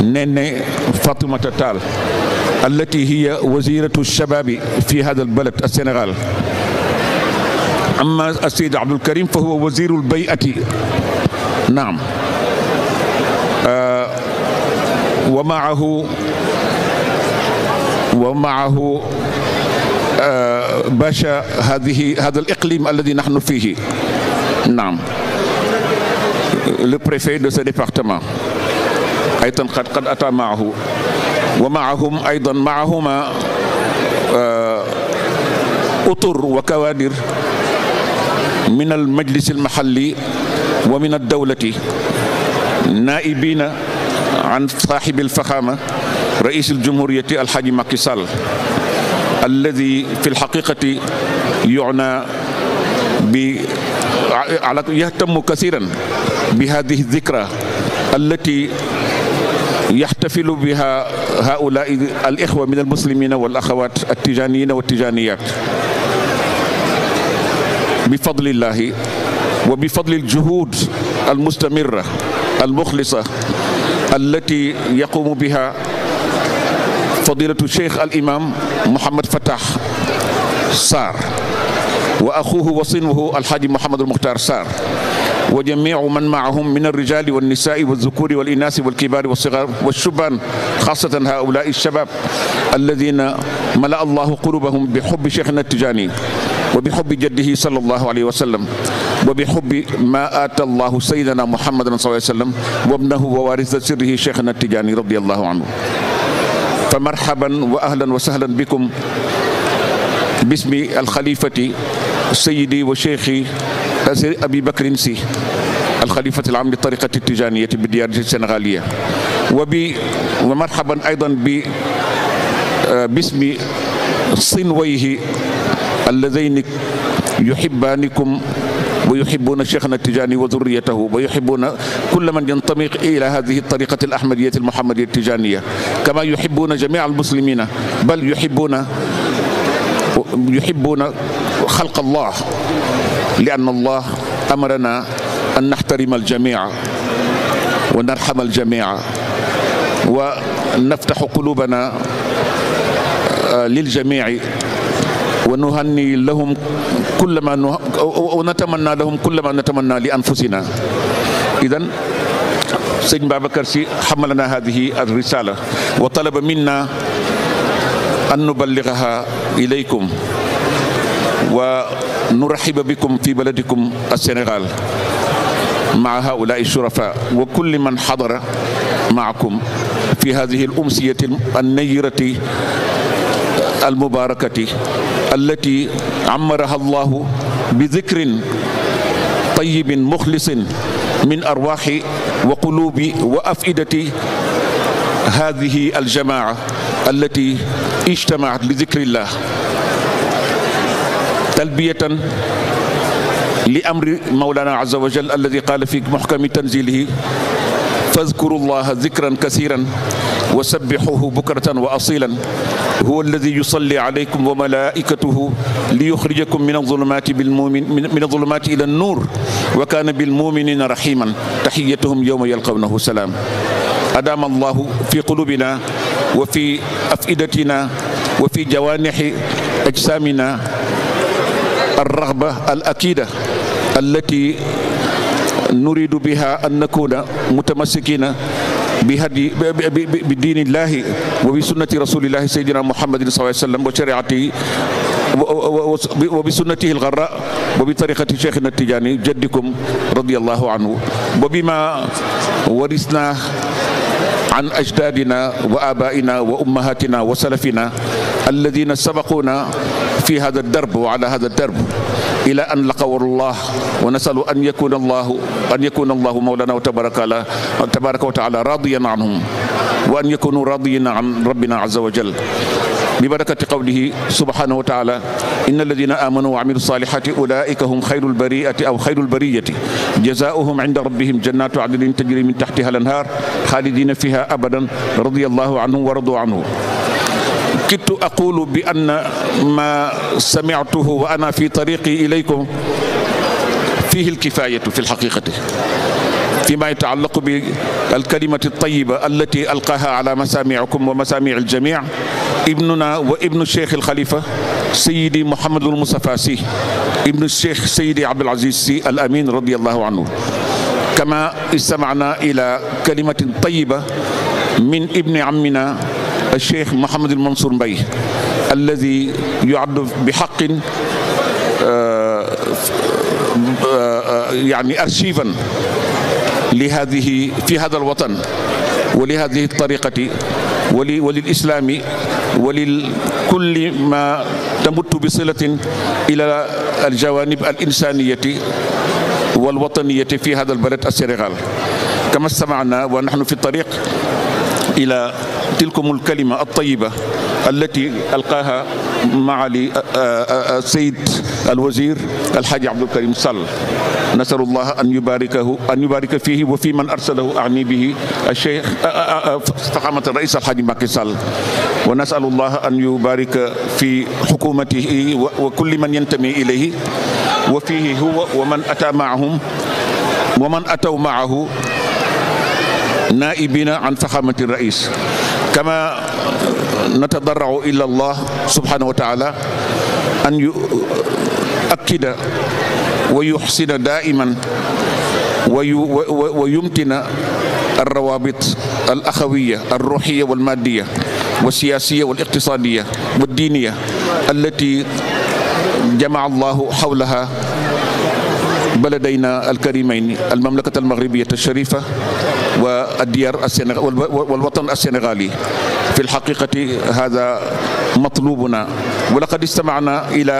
نيني فاطمة تال التي هي وزيرة الشباب في هذا البلد السنغال أما السيد عبد الكريم فهو وزير البيئة نعم آه ومعه ومعه آه باش هذه هذا الإقليم الذي نحن فيه نعم le préfet de ce département أيضا قد قد أتى معه ومعهم أيضا معهما أطر وكوادر من المجلس المحلي ومن الدولة نائبين عن صاحب الفخامة رئيس الجمهورية الحاج مكي سال alladi fi lxaqiqati yu'na bi yahtamu kasiran bi hadihi dikra allati yaxtafilu biha haulai al ixwa min almuslimina wal axawat altijaniyina waltijaniyat bi fadlillahi wa bi fadli aljuhud almustamira almuxlisa allati yaqumu biha fadilatu cheikh al imam Mouhamed Fatah Sarr wa axuhu wa sinwahu alxaaji Mouhamadul Muxtaar Sarr wa jamiu man maahum min alrijali walnisai walzukuri walinasi walkibaari walsigar walshuban xaasatan haulai alshabab alladina malaa allahu qulubahum bi xubbi cheikhina tijani wa bi xubbi jaddihi sal allahu alayhi wa sallam wa bi xubbi ma aata allahu sayidana muhammadan sallallahu alayhi wa sallam wa ibnahu wa warisa sirrihi cheikhina tijani radiallahu anhu fa marhaban wa ahlan wa sahlan bikum bismi alxalifati sayidi wa cheikhi abi bakrin si alxalifati alam li tariqati tijaniyati bi diyaarati sénégalia wa bi wa marhaban aydan bi eh, bismi sinwayhi alladaini yuhibbaanikum wa yuhibbuuna cheikhna tijaani wa zurriyatahu wa yuhibbuuna kulla man yantamiq ila hadihi tariqati alahmadiyati almuhammadiya tijaaniya kama yuhibbuuna jamia almuslimina bal yuhibbuuna yuhibbuuna xalq allah li anna allah amarana an naxtarima aljamia wa narxama aljamia wa naftaxu qulubana ah, liljamii wa nuhanni lahum kullama wa natamanna lahum kullama natamanna li anfusina idan sëñ Babacar si xamalana hadihi ar risala wa talaba minna an nuballighaha ilaykum wa nurahiba bikum fi baladikum as-Sénégal مع هؤلاء الشرفاء وكل من حضر معكم في هذه الأمسية النيرة المباركة allati ammaraha allahu bi dikrin tayibin muxlisin min arwaxi wa quluubi wa afidati hadihi aljamaa allati ijtamaat li dikrillah talbiyatan li amri mawlana azza wa jal alladi qaala fi muxkami tanzilihi fadkuru llaha dikran kasiran wa sabbixuhu bukratan wa asilan huwa alladi yusalli alaykum wa malaikatuhu li yuxrijakum min alzulumati bilmumin min alzulumati ila annuur wa kaana bilmuminina rahiman taxiyatuhum yowma yalqawnahu salaam adaama allahu fi qulubina wa fi afidatina wa fi jawanixi ajsamina alrahba al akida allati nuridu biha an nakuna mutamassikina bi hadi bi diinillahi wa bi sunnati rasulillahi sayyidina muhammadin sallallahu alayhi wa sallam wa shariatihi wa bi sunnatihi al-gharra wa bi tariqati cheikhina tijaani jaddikum radiyallahu anhu wa bima warisna an ajdadina wa abaina wa ummahatina wa salafina alladina sabaquna fi hada darb wa ala hada darb ila an laqawallah wa nasalu an yakuna allahu an yakuna allahu mawlana wa tabaraka tabaraka wa taala radiyan anhum wa an yakunu radiyina an rabbina azza wa jal bi barakati qawlihi subhanahu wa taala inna alladina amanu wa amilu salihati ulaika hum xayru lbariati aw xayru lbariyati jazaohum inda rabbihim jannatu adnin tajri min taxtiha al anhar xaalidina fiha abadan radiallahu anhum wa radu anhu kittu aqulu bi anna ma sami'tuhu wa ana fi tariqi ilaykum fihi alkifayatu fi alhaqiqati فيما يتعلق بالكلمة الطيبة التي ألقاها على مسامعكم ومسامع الجميع ابننا وابن الشيخ الخليفة سيدي محمد المصطفى سي ابن الشيخ سيدي عبد العزيز سي الأمين رضي الله عنه كما استمعنا إلى كلمة طيبة من ابن عمنا الشيخ محمد المنصور مبي الذي يعد بحق يعني أرشيفا لهذه في هذا الوطن ولهذه الطريقة وللإسلام ولكل ما تمت بصلة إلى الجوانب الإنسانية والوطنية في هذا البلد السنغال كما استمعنا ونحن في الطريق إلى تلكم الكلمة الطيبة التي ألقاها معالي السيد الوزير الحاج عبد الكريم صل نسأل الله أن يباركه أن يبارك فيه وفي من أرسله أعني به الشيخ فخامة الرئيس الحاج مكي صل ونسأل الله أن يبارك في حكومته وكل من ينتمي إليه وفيه هو ومن أتى معهم ومن أتوا معه naa'ibina an faxamati rais kama natadarau ila allah subhanahu wa taala an yuakkida wa yuxsina daiman wa yumtina alrawabit al axawiya alruxiya walmaadiya walsiyaasiya waliqtisaadiya waldiiniya allati jamaa allahu xawlaha البلدين الكريمين المملكة المغربية الشريفة والديار السنغ... والوطن السنغالي في الحقيقة هذا مطلوبنا ولقد استمعنا إلى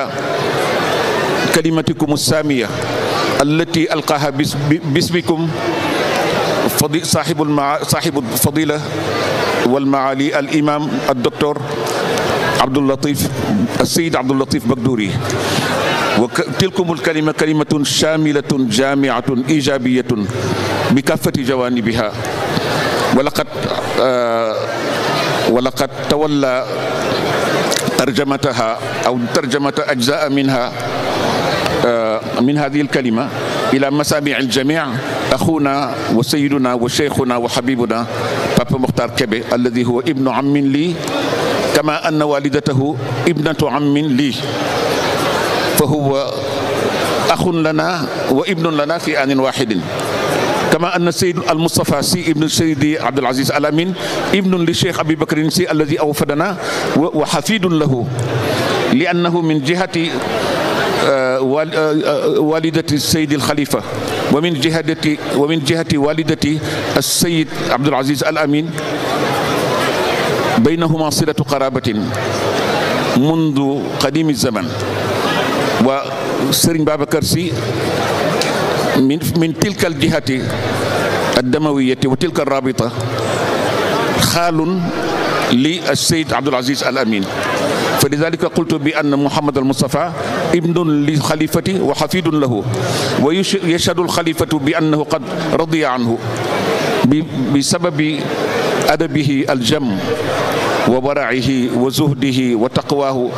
كلمتكم السامية التي ألقاها باسمكم صاحب المع... صاحب الفضيلة والمعالي الإمام الدكتور عبد اللطيف السيد عبد اللطيف بكدوري wa tilkumul kalima kalimatun shamilatun jamiatun ijabiyatun bi kafati jawanibiha wa laqad wa laqad tawalla tarjamataha aw tarjamata ajzaa minha min hadihi alkalima ila masami aljami axuna wa sayiduna wa cheikhuna wa xabibuna papa moxtar kebe alladi huwa ibnu ammin lii kama anna walidatahu ibnatu ammin lii fa huwa axun lana wa ibnun lana fi anin waxidin كما أن السيد المصطفى سي ابن السيد عبد العزيز الأمين ابن للشيخ أبي بكر سي الذي أوفدنا وحفيد له لأنه من جهة والدة السيد الخليفة ومن جهة ومن جهة والدة السيد عبد العزيز الأمين بينهما صلة قرابة منذ قديم الزمن wa sëriñ Babacar Sy min min tilka al jihati addamawiyati wa tilka rabita xaalun li alseyid Abdul Aziz Al Amin fa lidalika qultu bi anna Muhammad al Mustafa ibnun li xalifati wa xafidun lahu wa yashhadu al xalifatu bi annahu qad radiya anhu bi sababi adabihi al jam wa waracihi wa zuhdihi wa taqwaahu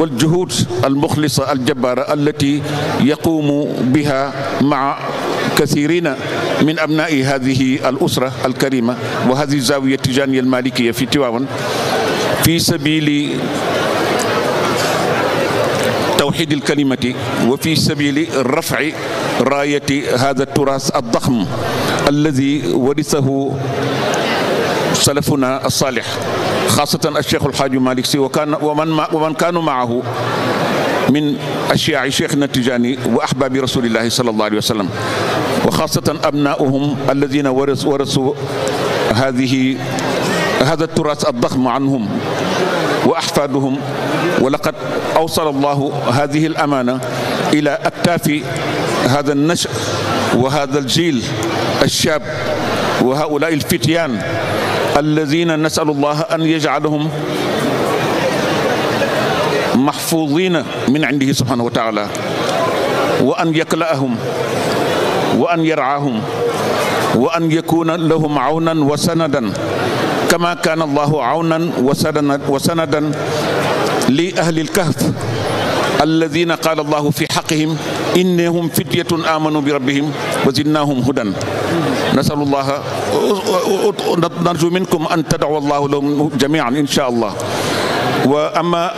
waljuhuud almuxlisa aljabaara allati yaquumu biha maa kacirina min abnaai hadihi al usra alkarima wa hadihi zawiya tijaniya almalikiya fi tiwaawan fi sabili توحيد الكلمة وفي سبيل رفع راية هذا التراث الضخم الذي ورثه سلفنا الصالح خاصة الشيخ الحاج مالك سي وكان ومن ومن كانوا معه من أشياع شيخنا التجاني وأحباب رسول الله صلى الله عليه وسلم وخاصة أبناؤهم الذين ورثوا ورثوا هذه هذا التراث الضخم عنهم وأحفادهم ولقد أوصل الله هذه الأمانة إلى أكتاف هذا النشأ وهذا الجيل الشاب وهؤلاء الفتيان alladina nasalu allah an yajalahum mahfudina min indihi subhanahu wa taala wa an yaklaahum wa an yarcaahum wa an yakuna lahum cawnan wa sanadan kama kaana allahu cawnan wa sanadan li ahli alkahf alladina qaala allahu fi xaqihim innahum fityatun aamanu bi rabbihim wa zidnaahum hudan nasalu allaha نرجو منكم أن تدعوا الله لهم جميعا إن شاء الله وأما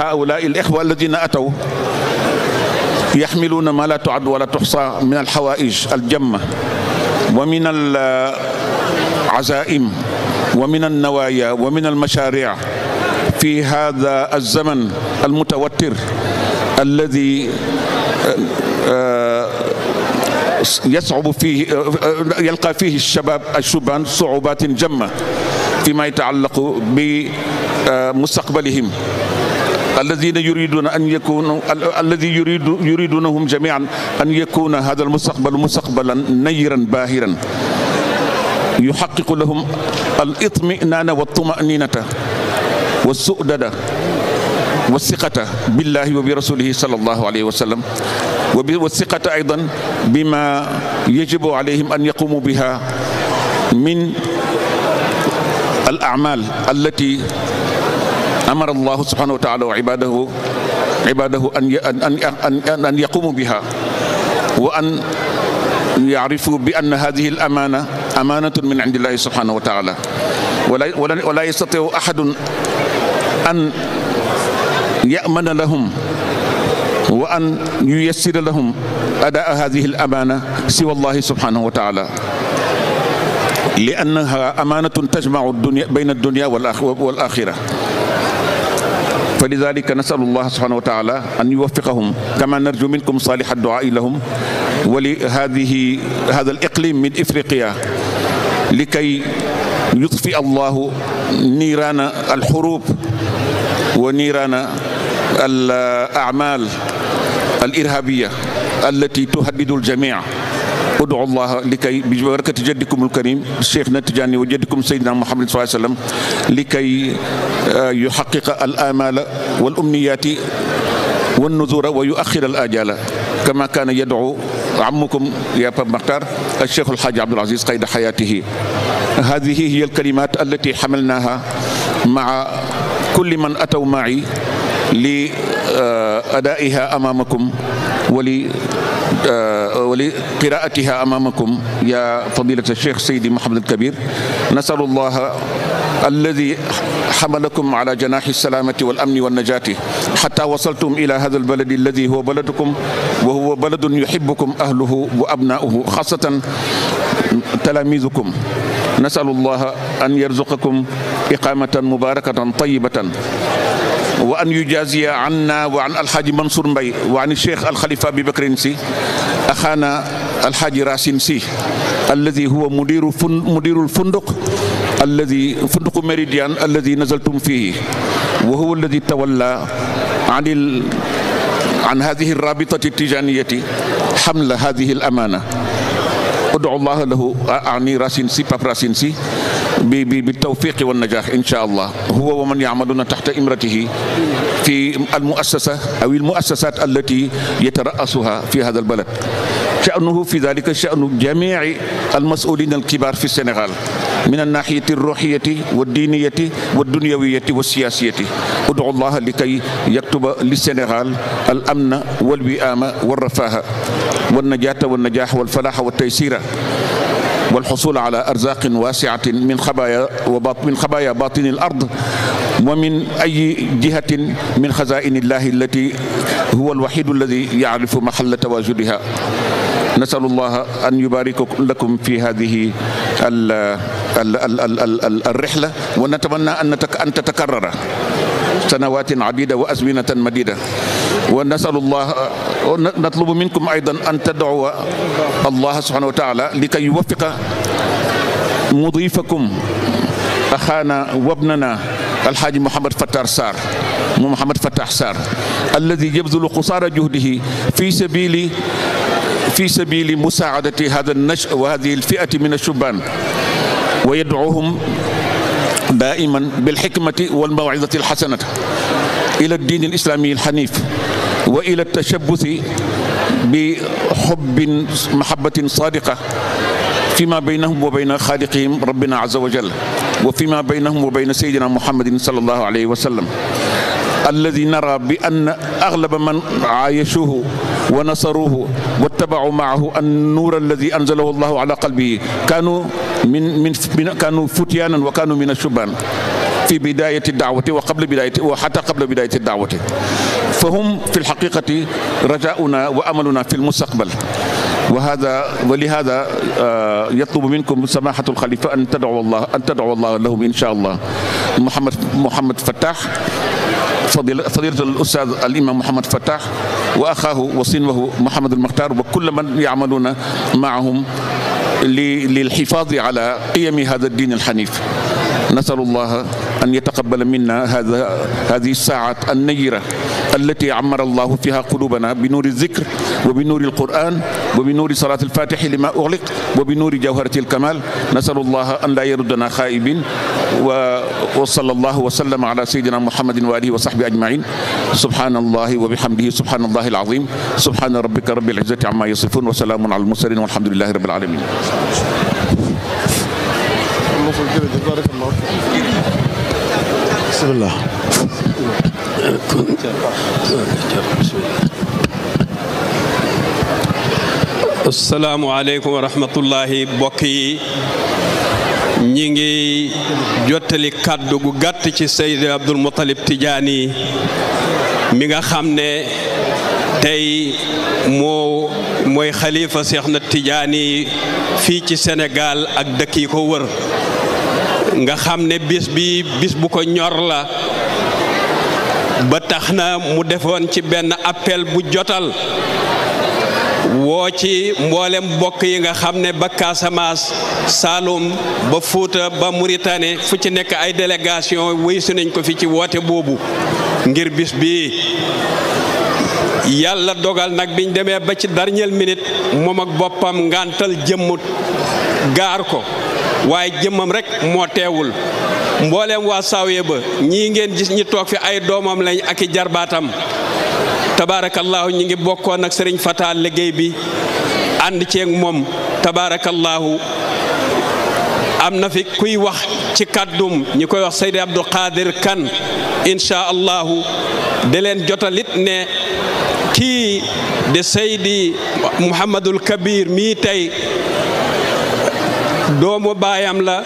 هؤلاء الإخوة الذين أتوا يحملون ما لا تعد ولا تحصى من الحوائج الجمة ومن العزائم ومن النوايا ومن المشاريع في هذا الزمن المتوتر الذي يصعب فيه يلقى فيه الشباب الشبان صعوبات جمة فيما يتعلق بمستقبلهم الذين يريدون ان يكونوا الذي يريد يريدونهم جميعا ان يكون هذا المستقبل مستقبلا نيرا باهرا يحقق لهم الاطمئنان والطمأنينة والسؤددة wa siqata billahi wa bi rasulihi sallallahu alayhi wa sallam wa bi wa siqata aydan bima yajibu alayhim an yaqumu biha min al a'mal allati amara allah subhanahu wa taala wa ibadahu ibadahu an yaqumu biha wa an yaarifu bi anna hadihi al amana amanatun min indillahi subhanahu wa taala wala wala yastati'u ahadun an ya'mana lahum wa an yuyassira lahum adaa hadihi al amaana siwa allahi subhanahu wa taala li annaha amaanatun tajmau dunya bayna dunya wal axira fa lidalika nasalu allah subhanahu wa taala an yuwaffiqahum kama narju minkum saaliha duaai lahum wa li hadihi hada al iqlim min ifriqiya likay yutfi allahu niiraana al xuruub wa niiraana الأعمال الإرهابية التي تهدد الجميع ادعوا الله لكي ببركة جدكم الكريم شيخنا التجاني وجدكم سيدنا محمد صلى الله عليه وسلم لكي يحقق الآمال والأمنيات والنذور ويؤخر الآجال كما كان يدعو عمكم يا باب مختار الشيخ الحاج عبد العزيز قيد حياته هذه هي الكلمات التي حملناها مع كل من أتوا معي li uh, adaiha amamakum wali uh, wali qiraatiha amamakum ya fadilat alcheikh saydi mohamad alkabir nasalu allah alladi xamalakum ala janaxi alsalamati walamni walnajati xata wasaltum ila hada albaladi alladi huwa baladukum wa huwa baladun yuxibukum ahluhu wa abnauhu xasatan talaamizukum nasalu allah an yarzuqakum iqamatan mubarakatan tayibatan wa an yujaziya anna wa an alxaaji Mansour Mbay wa an cheikh alxalifa Abi Bakrin si axaana alxaaji Racine si alladi huwa mudiru fun mudirul funduq alladi funduqu méridien alladi nazaltum fihi wa huwa alladi tawalla an hadihi rabitati tijaniyati xamla hadihi al amaana ud'u llaha lahu ani racine si pap racine si bi bi bi tawfiqi wa najah insha allah huwa wa man ya'maluna tahta imratihi fi al muassasa aw al muassasat allati yatara'asuha fi hadha al balad sha'nuhu fi dhalika sha'nu jami'i al mas'ulin al kibar fi Sénégal من الناحية الروحية والدينية والدنيوية والسياسية ادعو الله لكي يكتب للسنغال الأمن والوئام والرفاه والنجاة والنجاح والفلاح والتيسير والحصول على أرزاق واسعة من خبايا وباط من خبايا باطن الأرض ومن أي جهة من خزائن الله التي هو الوحيد الذي يعرف محل تواجدها nasalu allah an yubarika lakum fi hadihi alrihla wa natamanna an tatakarrara sanawatin adida wa azminatan madida wa nasalu allah natlubu minkum aydan an tad'u allah subhanahu wa taala likay yuwaffiqa mudifakum axaana wabnana alxaaji Mouhamed Fattar Sarr mu Mouhamed Fattar Sarr alladi yabdulu qusaara juhdihi fi sabili في سبيل مساعدة هذا النشء وهذه الفئة من الشبان ويدعوهم دائما بالحكمة والموعظة الحسنة إلى الدين الإسلامي الحنيف وإلى التشبث بحب محبة صادقة فيما بينهم وبين خالقهم ربنا عز وجل وفيما بينهم وبين سيدنا محمد صلى الله عليه وسلم alladi nara bi ann aglaba man aayachuhu wa nasaruhu wattabacu maahu an nuur alladi anzalahu allahu ala qalbihi kaanu min min kaanu futyaanan wa kaanu min ashubaan fi bidayati daawati wa qabla bidayati wa xata qabla bidayati daawati fa hum fi lxaqiqati rajauna wa amaluna fi lmustaqbal wa hada wa lihada yatlubu minkum samahatu lxalifa an tadcu allah an tadcu allah lahum insha allah Muhammad Muhammad Fattah فضيلة الأستاذ الإمام محمد فتاح وأخاه وصنوه محمد المختار وكل من يعملون معهم للحفاظ على قيم هذا الدين الحنيف نسأل الله أن يتقبل منا هذا هذه الساعة النيرة التي عمر الله فيها قلوبنا بنور الذكر وبنور القرآن وبنور صلاة الفاتح لما أغلق وبنور جوهرة الكمال نسأل الله أن لا يردنا خائبين وصلى الله وسلم على سيدنا محمد وآله وصحبه أجمعين سبحان الله وبحمده سبحان الله العظيم سبحان ربك رب العزة عما يصفون وسلام على المرسلين والحمد لله رب العالمين Mansour jërëjëf barakallah bismillah asalaamualeykum wa rahmatullahi mbokk yi ñi ngi jottali kàddu gu gàtt ci Seydi Abdul Muttalib Tijaani mi nga xam ne tey moo mooy xalifa Seexna Tijaani fii ci Sénégal ak dëkk yi ko wër nga xam ne bis bi bis bu ko ñor la ba tax na mu defoon ci benn appel bu jotal woo ci mboolem bokk yi nga xam ne ba Casamance Saloum ba Fuuta ba Mauritanie fu ci nekk ay délégation wuysu nañ ko fi ci woote boobu ngir bis bi yàlla dogal nag biñ demee ba ci dernière minute moom ak boppam ngantal jëmmut gaar ko waaye jëmmam rek moo teewul mbooleem waa saawiya ba ñii ngeen gis ñi toog fi ay doomam lañ ak i jarbaatam tabaarakallaahu ñi ngi bokkoon ak sëriñ Fata liggéey bi ànd ceeg moom tabaarakallaahu am na fi kuy wax ci kàddum ñi koy wax Seydi Abdul Qadir Kan incha allahu di leen jotalit ne kii de Seydi Muhammadul Kabir mii tey doomu baayam la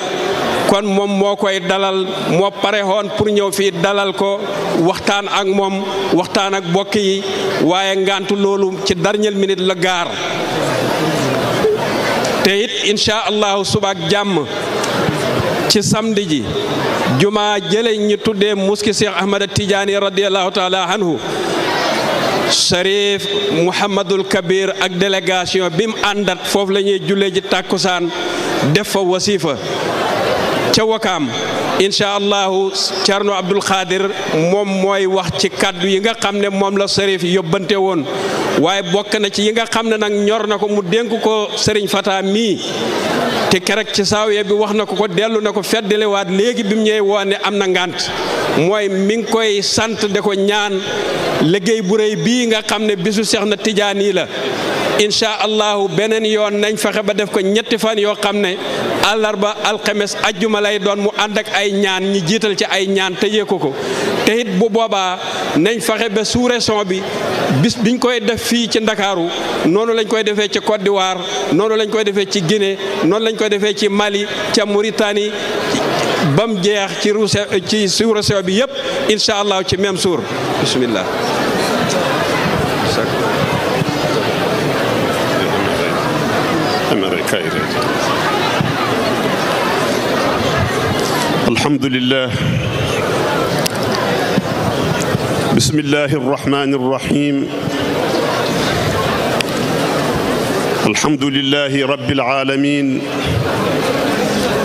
kon moom moo koy dalal moo pare woon pour ñëw fii dalal ko waxtaan ak moom waxtaan ak bokk yi waaye ngàntu loolu ci dernière minit la gaar te it incha allahu suba jàmm ci samedi ji juma jële ñu tuddee muski Cheikh Ahmad Tidiane radiallahu taala anhu Sharif Mouhamadul Kabir ak délégation bi mu àndat foofu lañuy ñuy ji tàkkusaan def fa wasiifa ca wakaam incha allahu Thierno Abdoul Khadir moom mooy wax ci kàddu yi nga xam ne moom la sërif yóbbante woon waaye bokk na ci yi nga xam ne nag ñor na ko mu dénk ko Serigne Fata mii te kerek ci saawiya bi wax na ko ko dellu na ko feddalewaat léegi bi mu ñëwee woo am na ngànt mooy mi ngi koy sant de ko ñaan liggéey bu rëy bii nga xam ne bisu Seex na Tijaan yi la incha allahu beneen yoon nañ fexe ba def ko ñetti fan yoo xam ne àllarba alxemes ajjuma lay doon mu ànd ak ay ñaan ñi jiital ci ay ñaan tëjee ko ko te it bu boobaa nañ faxe ba sous bi bis biñ koy def fii ci ndakaaru noonu lañ koy defee ci Côte noonu lañ koy defee ci Guinée noonu lañ koy defee ci Mali ca Mauritanie bam jeex ci sous-région bi yëpp incha allah ci même suur bismillah Kayrı. Elhamdülillah. Bismillahirrahmanirrahim. Elhamdülillahi Rabbil alemin.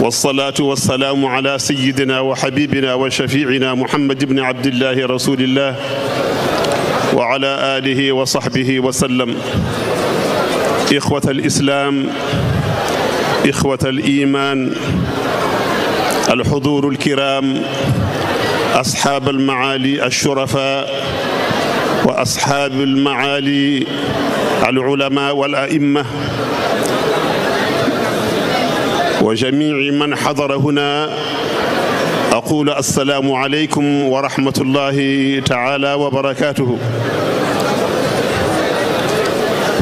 والصلاة والسلام على سيدنا وحبيبنا وشفيعنا محمد بن عبد الله رسول الله وعلى آله وصحبه وسلم إخوة الإسلام إخوة الإيمان الحضور الكرام أصحاب المعالي الشرفاء وأصحاب المعالي العلماء والأئمة وجميع من حضر هنا أقول السلام عليكم ورحمة الله تعالى وبركاته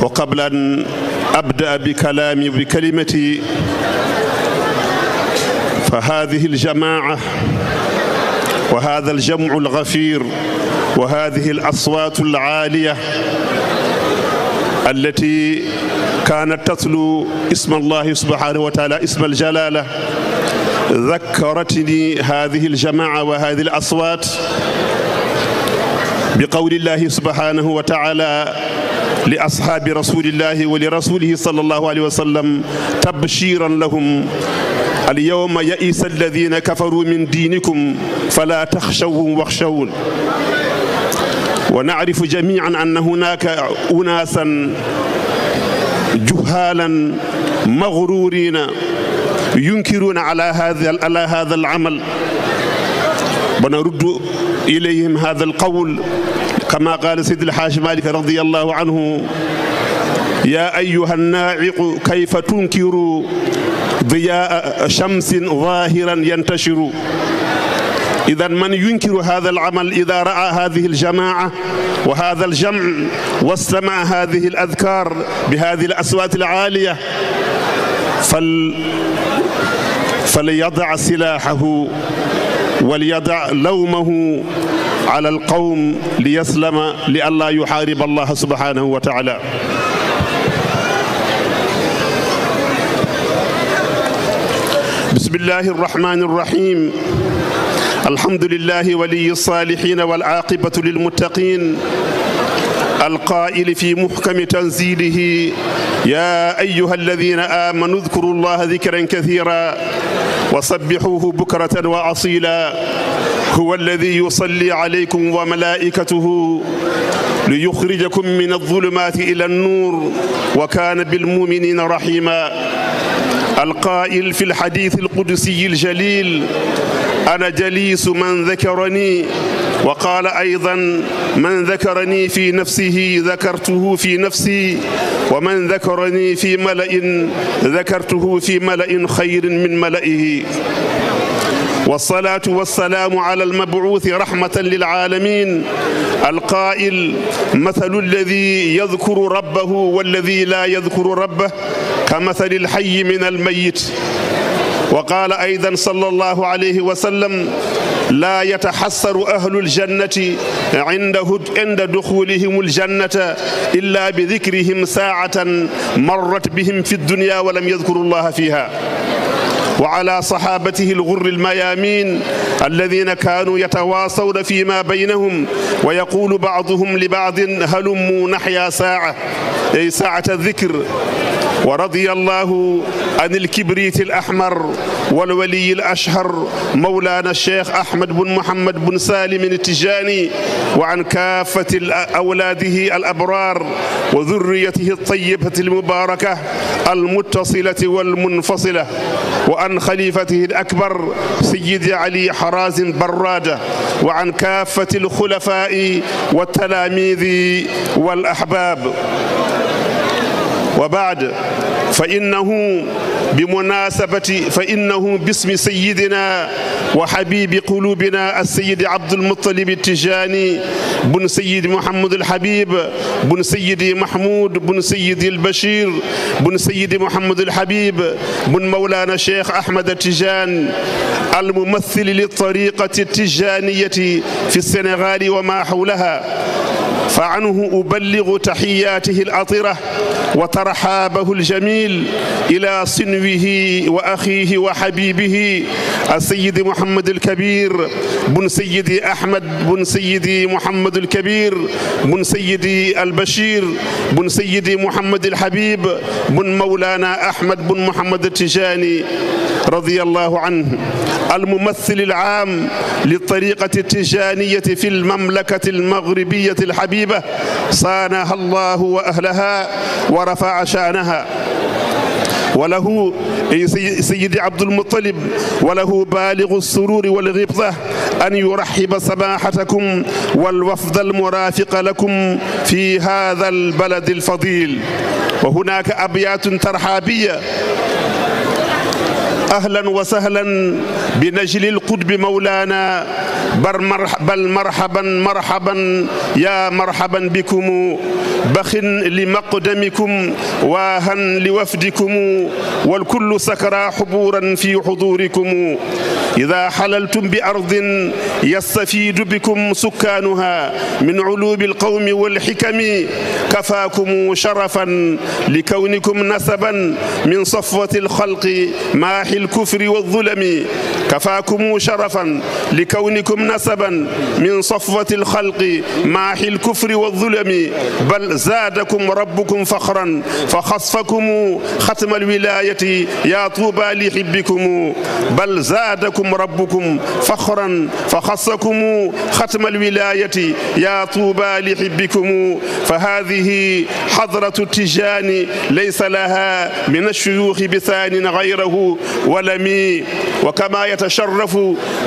وقبل أن أبدأ بكلامي بكلمتي فهذه الجماعة وهذا الجمع الغفير وهذه الأصوات العالية التي كانت تتلو اسم الله سبحانه وتعالى اسم الجلالة ذكرتني هذه الجماعة وهذه الأصوات بقول الله سبحانه وتعالى li ashaabi rasulillahi wa li rasulihi sallallahu alayhi wa sallam tabshiran lahum alyawma yaisa alladina kafaru min diinikum fala taxshawhum waxshawun wa nacrifu jamican anna hunaka unaasan juhaalan magruriina yunkiruuna ala hada ala hada alamal wa naruddu ilayhim hada alqawl kama qaala seydi alxaaji malik radiallahu anhu ya ayuha nnaaiqu kayfa tunkiru diyaa shamsin zahiran yantashiru idan man yunkiru hada alamal ida raa hadihi aljamaa wa hada aljamc wastamaca hadihi aladkar bi hadihi alaswaat alcaaliya fal falyadac silaaxahu walyadac lawmahu ala alqawm li yaslama li an laa yuxaariba allaha subhanahu wa taala bismillahi arrahmani arrahim alhamdulillahi waliyi alsalihina walaqibatu lilmuttaqin القائل في محكم تنزيله يا أيها الذين آمنوا اذكروا الله ذكرا كثيرا وسبحوه بكرة وأصيلا هو الذي يصلي عليكم وملائكته ليخرجكم من الظلمات إلى النور وكان بالمؤمنين رحيما القائل في الحديث القدسي الجليل أنا جليس من ذكرني wa qaala aydan man dakarani fi nafsihi dakartuhu fi nafsi wa man dakarani fi mala'in dakartuhu fi mala'in xayrin min mala'ihi والصلاة والسلام على المبعوث رحمة للعالمين القائل مثل الذي يذكر ربه والذي لا يذكر ربه كمثل الحي من الميت وقال أيضا صلى الله عليه وسلم laa yataxassaru ahlu aljannati indahu inda duxulihim aljannata illa bi dikrihim saacatan marrat bihim fi dunya walam yadkuru allaha fiha وعلى صحابته الغر الميامين الذين كانوا يتواصون فيما بينهم ويقول بعضهم لبعض هلموا نحيا ساعة أي ساعة الذكر ورضي الله عن الكبريت الأحمر والولي الأشهر مولانا الشيخ أحمد بن محمد بن سالم التجاني وعن كافة أولاده الأبرار وذريته الطيبة المباركة المتصلة والمنفصلة وعن خليفته الأكبر سيد علي حرازم برادة وعن كافة الخلفاء والتلاميذ والأحباب wa baad fa innahu بمناسبة فإنه باسم سيدنا وحبيب قلوبنا السيد عبد المطلب التجاني بن سيد محمد الحبيب بن سيدي محمود بن سيدي البشير بن سيدي محمد الحبيب بن مولانا شيخ أحمد التجان الممثل للطريقة التجانية في السنغال وما حولها فعنه أبلغ تحياته الأطرة وترحابه الجميل إلى صنوه وأخيه وحبيبه السيد محمد الكبير بن سيدي أحمد بن سيدي محمد الكبير بن سيدي البشير بن سيدي محمد الحبيب بن مولانا أحمد بن محمد التجاني رضي الله عنه الممثل العام للطريقة التجانية في المملكة المغربية الحبيبة طيبة صانها الله وأهلها ورفع شأنها وله سيد عبد المطلب وله بالغ السرور والغبطة أن يرحب سماحتكم والوفد المرافق لكم في هذا البلد الفضيل وهناك أبيات ترحابية ahlan wa sahlan bi najli lqutbi mawlaana bal marhaban marhaban yaa marhaban bikum baxin li maqdamikum waahan li wafdikum wal kullu sakara xubuuran fi xudurikum ida xalaltum bi ardin yastafiidu bikum sukkaanuha min culuubi alqawmi walxikami kafaakum sharafan li kawnikum nasaban min safwati alxalqi maaxi الكفر والظلم كفاكم شرفا لكونكم نسبا من صفوة الخلق ماحي الكفر والظلم بل زادكم ربكم فخرا فخصفكم ختم الولاية يا طوبى لحبكم بل زادكم ربكم فخرا فخصكم ختم الولاية يا طوبى لحبكم فهذه حضرة التجان ليس لها من الشيوخ بثان غيره ولمي وكما يتشرف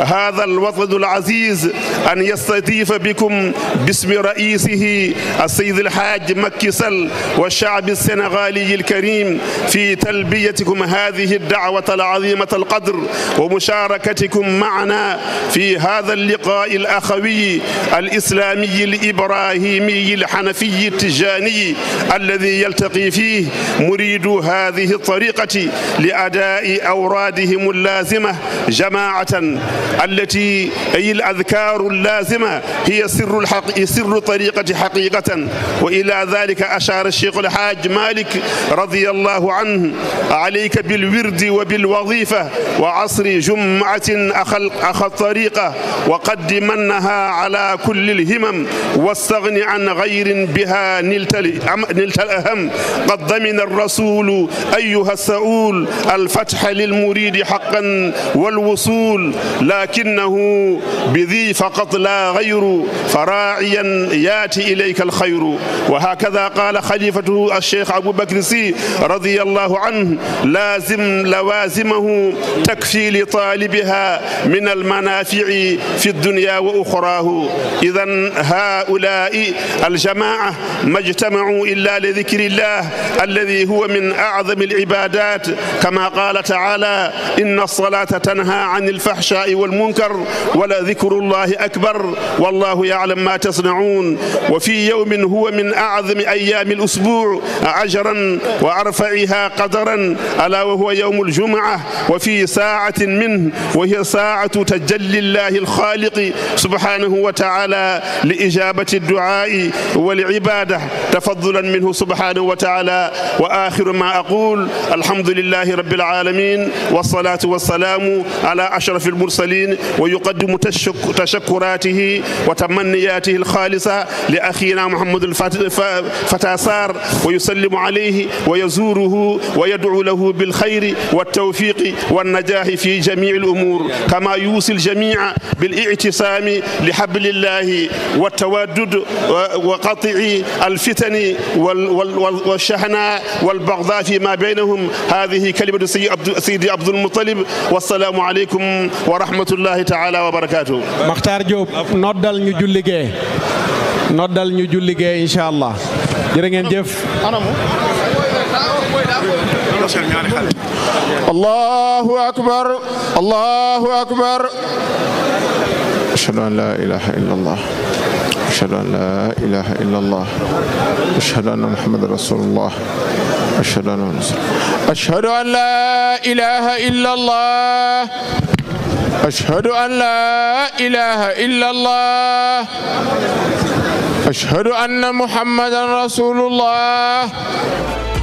هذا الوطن العزيز أن يستضيف بكم باسم رئيسه السيد الحاج مكي سل والشعب السنغالي الكريم في تلبيتكم هذه الدعوة العظيمة القدر ومشاركتكم معنا في هذا اللقاء الأخوي الإسلامي الإبراهيمي الحنفي التجاني الذي يلتقي فيه مريد هذه الطريقة لأداء أوراق بأفرادهم اللازمة جماعة التي أي الأذكار اللازمة هي سر الحق سر الطريقة حقيقة وإلى ذلك أشار الشيخ الحاج مالك رضي الله عنه عليك بالورد وبالوظيفة وعصر جمعة أخلق أخ الطريقة وقدمنها على كل الهمم واستغن عن غير بها نلت الأهم قد ضمن الرسول أيها السؤول الفتح للم المريد حقا والوصول لكنه بذي فقط لا غير فراعيا ياتي إليك الخير وهكذا قال خليفته الشيخ أبو بكر سي رضي الله عنه لازم لوازمه تكفي لطالبها من المنافع في الدنيا وأخراه إذا هؤلاء الجماعة ما اجتمعوا إلا لذكر الله الذي هو من أعظم العبادات كما قال تعالى تعالى إن الصلاة تنهى عن الفحشاء والمنكر ولذكر الله أكبر والله يعلم ما تصنعون وفي يوم هو من أعظم أيام الأسبوع أجرا وأرفعها قدرا ألا وهو يوم الجمعة وفي ساعة منه وهي ساعة تجلي الله الخالق سبحانه وتعالى لإجابة الدعاء والعبادة تفضلا منه سبحانه وتعالى وآخر ما أقول الحمد لله رب العالمين والصلاة والسلام على أشرف المرسلين ويقدم تشكراته وتمنياته الخالصة لأخينا محمد الفتاسار ويسلم عليه ويزوره ويدعو له بالخير والتوفيق والنجاح في جميع الأمور كما يوصي الجميع بالاعتصام لحبل الله والتوادد وقطع الفتن والشحناء والبغضاء فيما بينهم هذه كلمة سيد Seydi Abdoul Moutalib wasalaamu aleykum wa rahmatullahi taala wa barakaatu. Makhtar Diop noddal ñu julli gee noddal ñu julli gee incha allah jërë ngeen jëf. allahu akbar allahu akbar ashhadu an la ilaha illallah ashhadu an la ilaha illallah ashhadu anna muhammadan rasulullah أشهد أن أشهد أن لا إله إلا الله أشهد أن لا إله إلا الله أشهد أن محمدا رسول الله